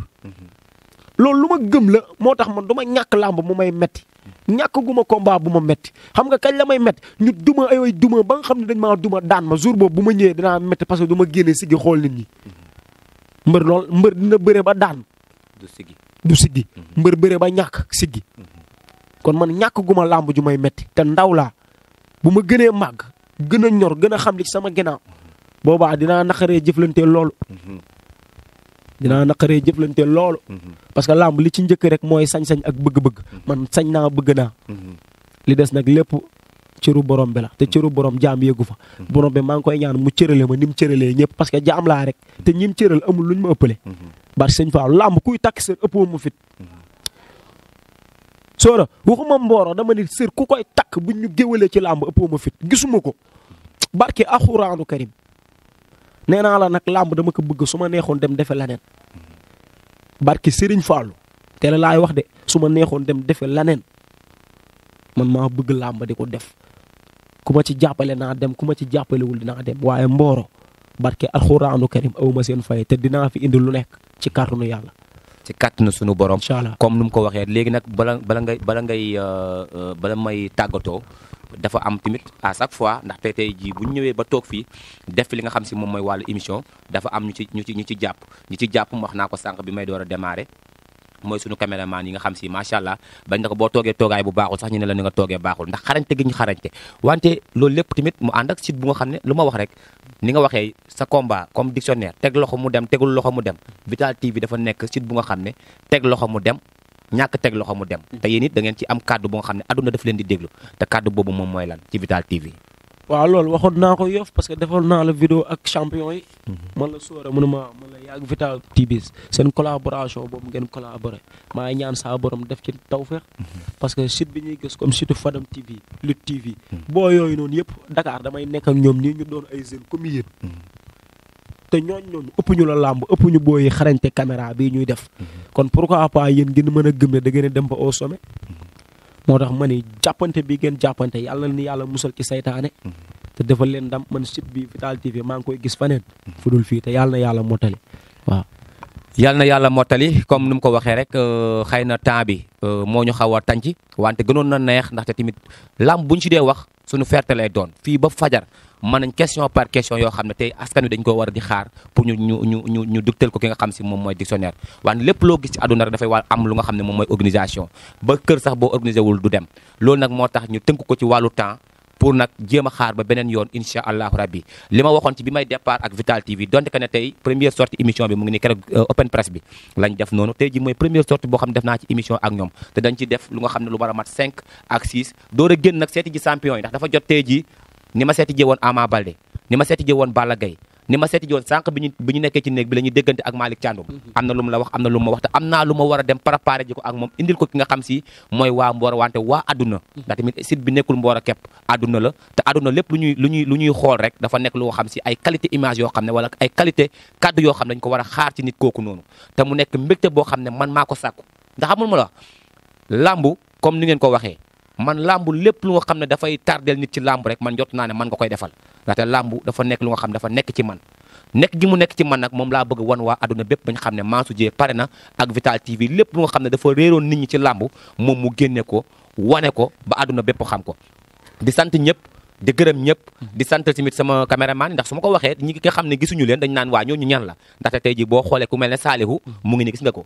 loolu lu ma gëm la moo tax man du ñàkk làmb mu may metti ñàkk gu ma bu ma metti xam nga kañ la may metti ñu duma ay duma ba nga xam ne dañ maa duma daan ma jour boobu bu ma ñëwee dinaa metti parce que du ma génnee siggi xool nit ñi mbër lool mbër dina bëre ba daan du siggi du mhm. mbër bëre ba ñàkk siggi mhm. kon man ñàkk gu làmb ju may metti te ndaw laa bu ma gënee màgg gën a ñor gën a xam li sama ginnaaw mhm. boobaa dinaa naqaree jëflantee loolu dinaa naqaree jëflante loolu. Mhm. parce que làmb li ci njëkk rek mooy sañ-sañ ak bëgg-bëgg. Mhm. man sañ naa bëgg naa. Mhm. li des nag lépp cëru borom bi la te cëru borom jaam yéegu fa. borom bi maa ngi koy ñaan mu cërale ma ni mu cëralee ñëpp parce que jaam laa rek. te ñim cëral amul luñ ma ëppale. bari sëñ Fall làmb kuy takk sër ëppoo mu fit. soora waxuma mbooro dama nit sër ku koy takk buñ ñu géwalee ci làmb ëppoo ma fit gisuma ko barke axuraanu karim nee naa la nag làmb dama ko bëgg su ma neexoon dem defe leneen barki Serigne Fallou te la laay wax de su ma neexoon dem defe leneen man maa bëgg làmb di ko def ku ma ci jàppale naa dem ku ma ci jàppalewul dinaa dem waaye mbooro barke ak alxuraanu karim awma seen fay te dinaa fi indi lu nekk ci kàttanu yàlla ci katt na sunu borom. comme nu mu ko waxee léegi nag bala bala ngay bala ngay euh, euh, bala may tàggatoo. dafa am tamit à chaque fois ndax tey tey jii bu ñu ñëwee ba toog fii def li nga xam si moom mooy wàllu émission dafa am ñu ci ñu ci ñu ci jàpp ñu ci jàpp wax naa ko sànq bi may door a démarrer. mooy sunu caméraman yi nga xam si macha allah bañ na boo toogee toogaay bu baaxul sax ñu ne la ni nga toogee baaxul ndax xarañte gi ñu xarañte wante loolu lépp tamit mu ànd ak site bu xam ne lu ma wax rek ni nga waxee sa combat comme dictionnaire teg loxo mu dem tegul loxo mu dem Vital TV dafa nekk site bu nga xam ne teg loxo mu dem ñàkk teg loxo mu dem te yéen it da ngeen ci am kàddu bu nga xam ne àdduna daf leen di déglu te kàddu boobu moom mooy lan ci Vital TV waaw loolu waxoon naa ko yof parce que defoon naa la vidéo ak champion yi. Mhm. man la Soore mu vital ma la yàgg vital Tibis sen collaboration boobu ngeen collaborer maa ñaan saa borom def ci tawfeex. Mhm. parce que site bi ñuy gis comme site Fadam TV Lutte TV. Mhm. boo yooyu noonu yëpp Dakar damay nekk ak ñoom nii ñu doon ay jeunes comme yéen. te ñoo ñooñu ëpp ñu la làmb ëpp ñu booy xarañte caméra bi ñuy def. kon pourquoi pas yéen ngeen mën a gëm ne da ngeen dem ba au sommet. moo tax ma ni jàppante bi ngeen jàppante yàlla ni yàlla musal ci saytaane mm-hmm. te defal leen ndam man site bi Vital TV maa ngi koy gis faneen mm-hmm. fu dul fii te yàlla yàlla mottali waaw yàlla na yàlla mottali comme ni mu ko waxee rek euh, xëy na temps bi euh, moo ñu xaw a tànc wante gënoon na neex ndaxte tamit làmb bu ñu si dee wax suñu ferte lay doon fii ba fajar mën nañ question par question yoo xam ne tey askan wi dañ ko war di xaar pour ñu ñu ñu ñu ñu dugtal ko ki nga xam si moom mooy dictionnaire waan lépp loo gis ci àdduna rek dafay war am lu nga xam ne moom mooy organisation ba kër sax boo organisé wul du dem loolu nag moo tax ñu tënk ko ci wàllu temps pour nag jéema xaar ba beneen yoon incha allahu rabbi li ma waxoon ci bi may départ ak Vital TV donte que ne tey première sortie émission bi mu ngi ni keroog euh, open press bi lañ def noonu tey mooy première sortie boo xam ne def naa ci émission ak ñoom te dañ ci def lu nga xam ne lu war a mat 5 ak 6 door génn nag seeti ji champion yi ndax dafa jot tey ni ma seeti ji woon Ama Baldé ni ma seeti ji woon Balla Gaye ni ma seeti joon sànq bi ñu nekkee ci néeg bi la ñuy déggante ak Malick Thiandoum am na lu la wax am na lu ma wax te am naa lu ma war a dem préparé ji ko ak moom indil ko ki nga xam si mooy waa Mboro wante waa àdduna ndax tamit site bi nekkul mboora képp àdduna la te àdduna lépp lu ñuy lu ñuy lu ñuy xool rek dafa nekk loo xam si ay qualité image yoo xam ne wala ay qualité kaddu yoo xam ne dañ ko war a xaar ci nit kooku noonu te mu nekk mbégte boo xam ne man maa ko sàkku ndax amul ma la làmb comme ni ngeen ko waxee man làmb lépp lu nga xam ne dafay tardeel nit ci làmb rek man jot naa ne man nga koy defal ndaxte làmb dafa nekk lu nga xam ne dafa nekk ci man nekk gi mu nekk ci man nag moom laa bëgg wan waa àdduna bépp bañ xam ne Mansour Dié pare na ak Vital TV lépp lu xam ne dafa réeroon nit ñi ci làmb moom mu génne ko wane ko ba àdduna bépp xam ko di sant ñëpp di gërëm ñëpp di sant tamit sama caméraman ndax su ma ko waxee ñi nga xam ne gisuñu leen dañ naan waa ñooñu ñan la ndaxte tey ji boo xoolee ku mel ne Saalihu mu ngi ne gis nga ko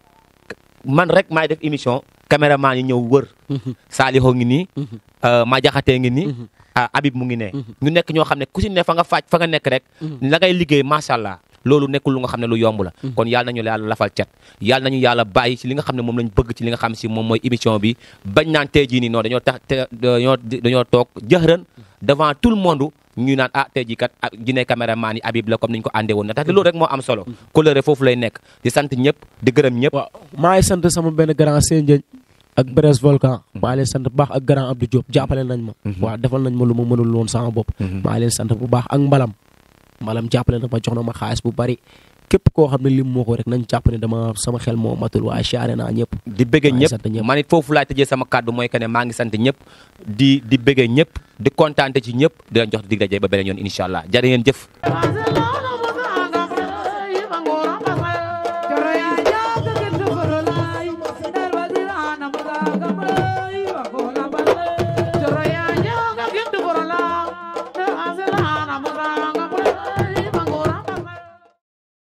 man rek maay def émission caméraman yi ñëw wër mhm. Saliho ngi nii mhm. euh, ma jaxatee ngi nii mhm. euh, Habib mu ngi ne ñu nekk ñoo xam ne ku si ne fa nga faaj fa nga nekk rek la ngay liggéey macha allah loolu nekkul lu nga xam ne lu yomb la kon yàlla nañu yàlla lafal cet yàlla nañu yàlla bàyyi si li nga xam ne moom lañ bëgg ci li nga xam si moom mooy émission bi bañ naan tey jii nii non dañoo tax dañoo dañoo toog jëxëran devant tout le monde ñu naan ah tey jii kat jine ah, caméraman yi Habib la comme niñ ko àndee woon na tax loolu rek moo am solo mm-hmm. coloré foofu lay nekk di sant ñëpp di gërëm ñëpp waaw maa ngi sant sama benn grand seen ak Bres Volcan mm-hmm. maa leen sant bu baax ak grand Abdou Diop nañ ma mm-hmm. waaw defal nañ ma lu ma mënul loon sama bopp maa leen sant bu baax ak mbalam mbalam jàppale na ma jox na ma xaalis bu bari képp koo xam ne lim moo ko rek nañ jàpp ne dama sama xel moo matul waaye siyaare naa ñëpp di bëgge ñëpp man it foofu laay tëjee sama kàddu mooy que ne maa ngi sant ñëpp di di bëgge ñëpp di kontaante ci ñëpp di leen jox dig daje ba beneen yoon incha allah jërë ngeen jëf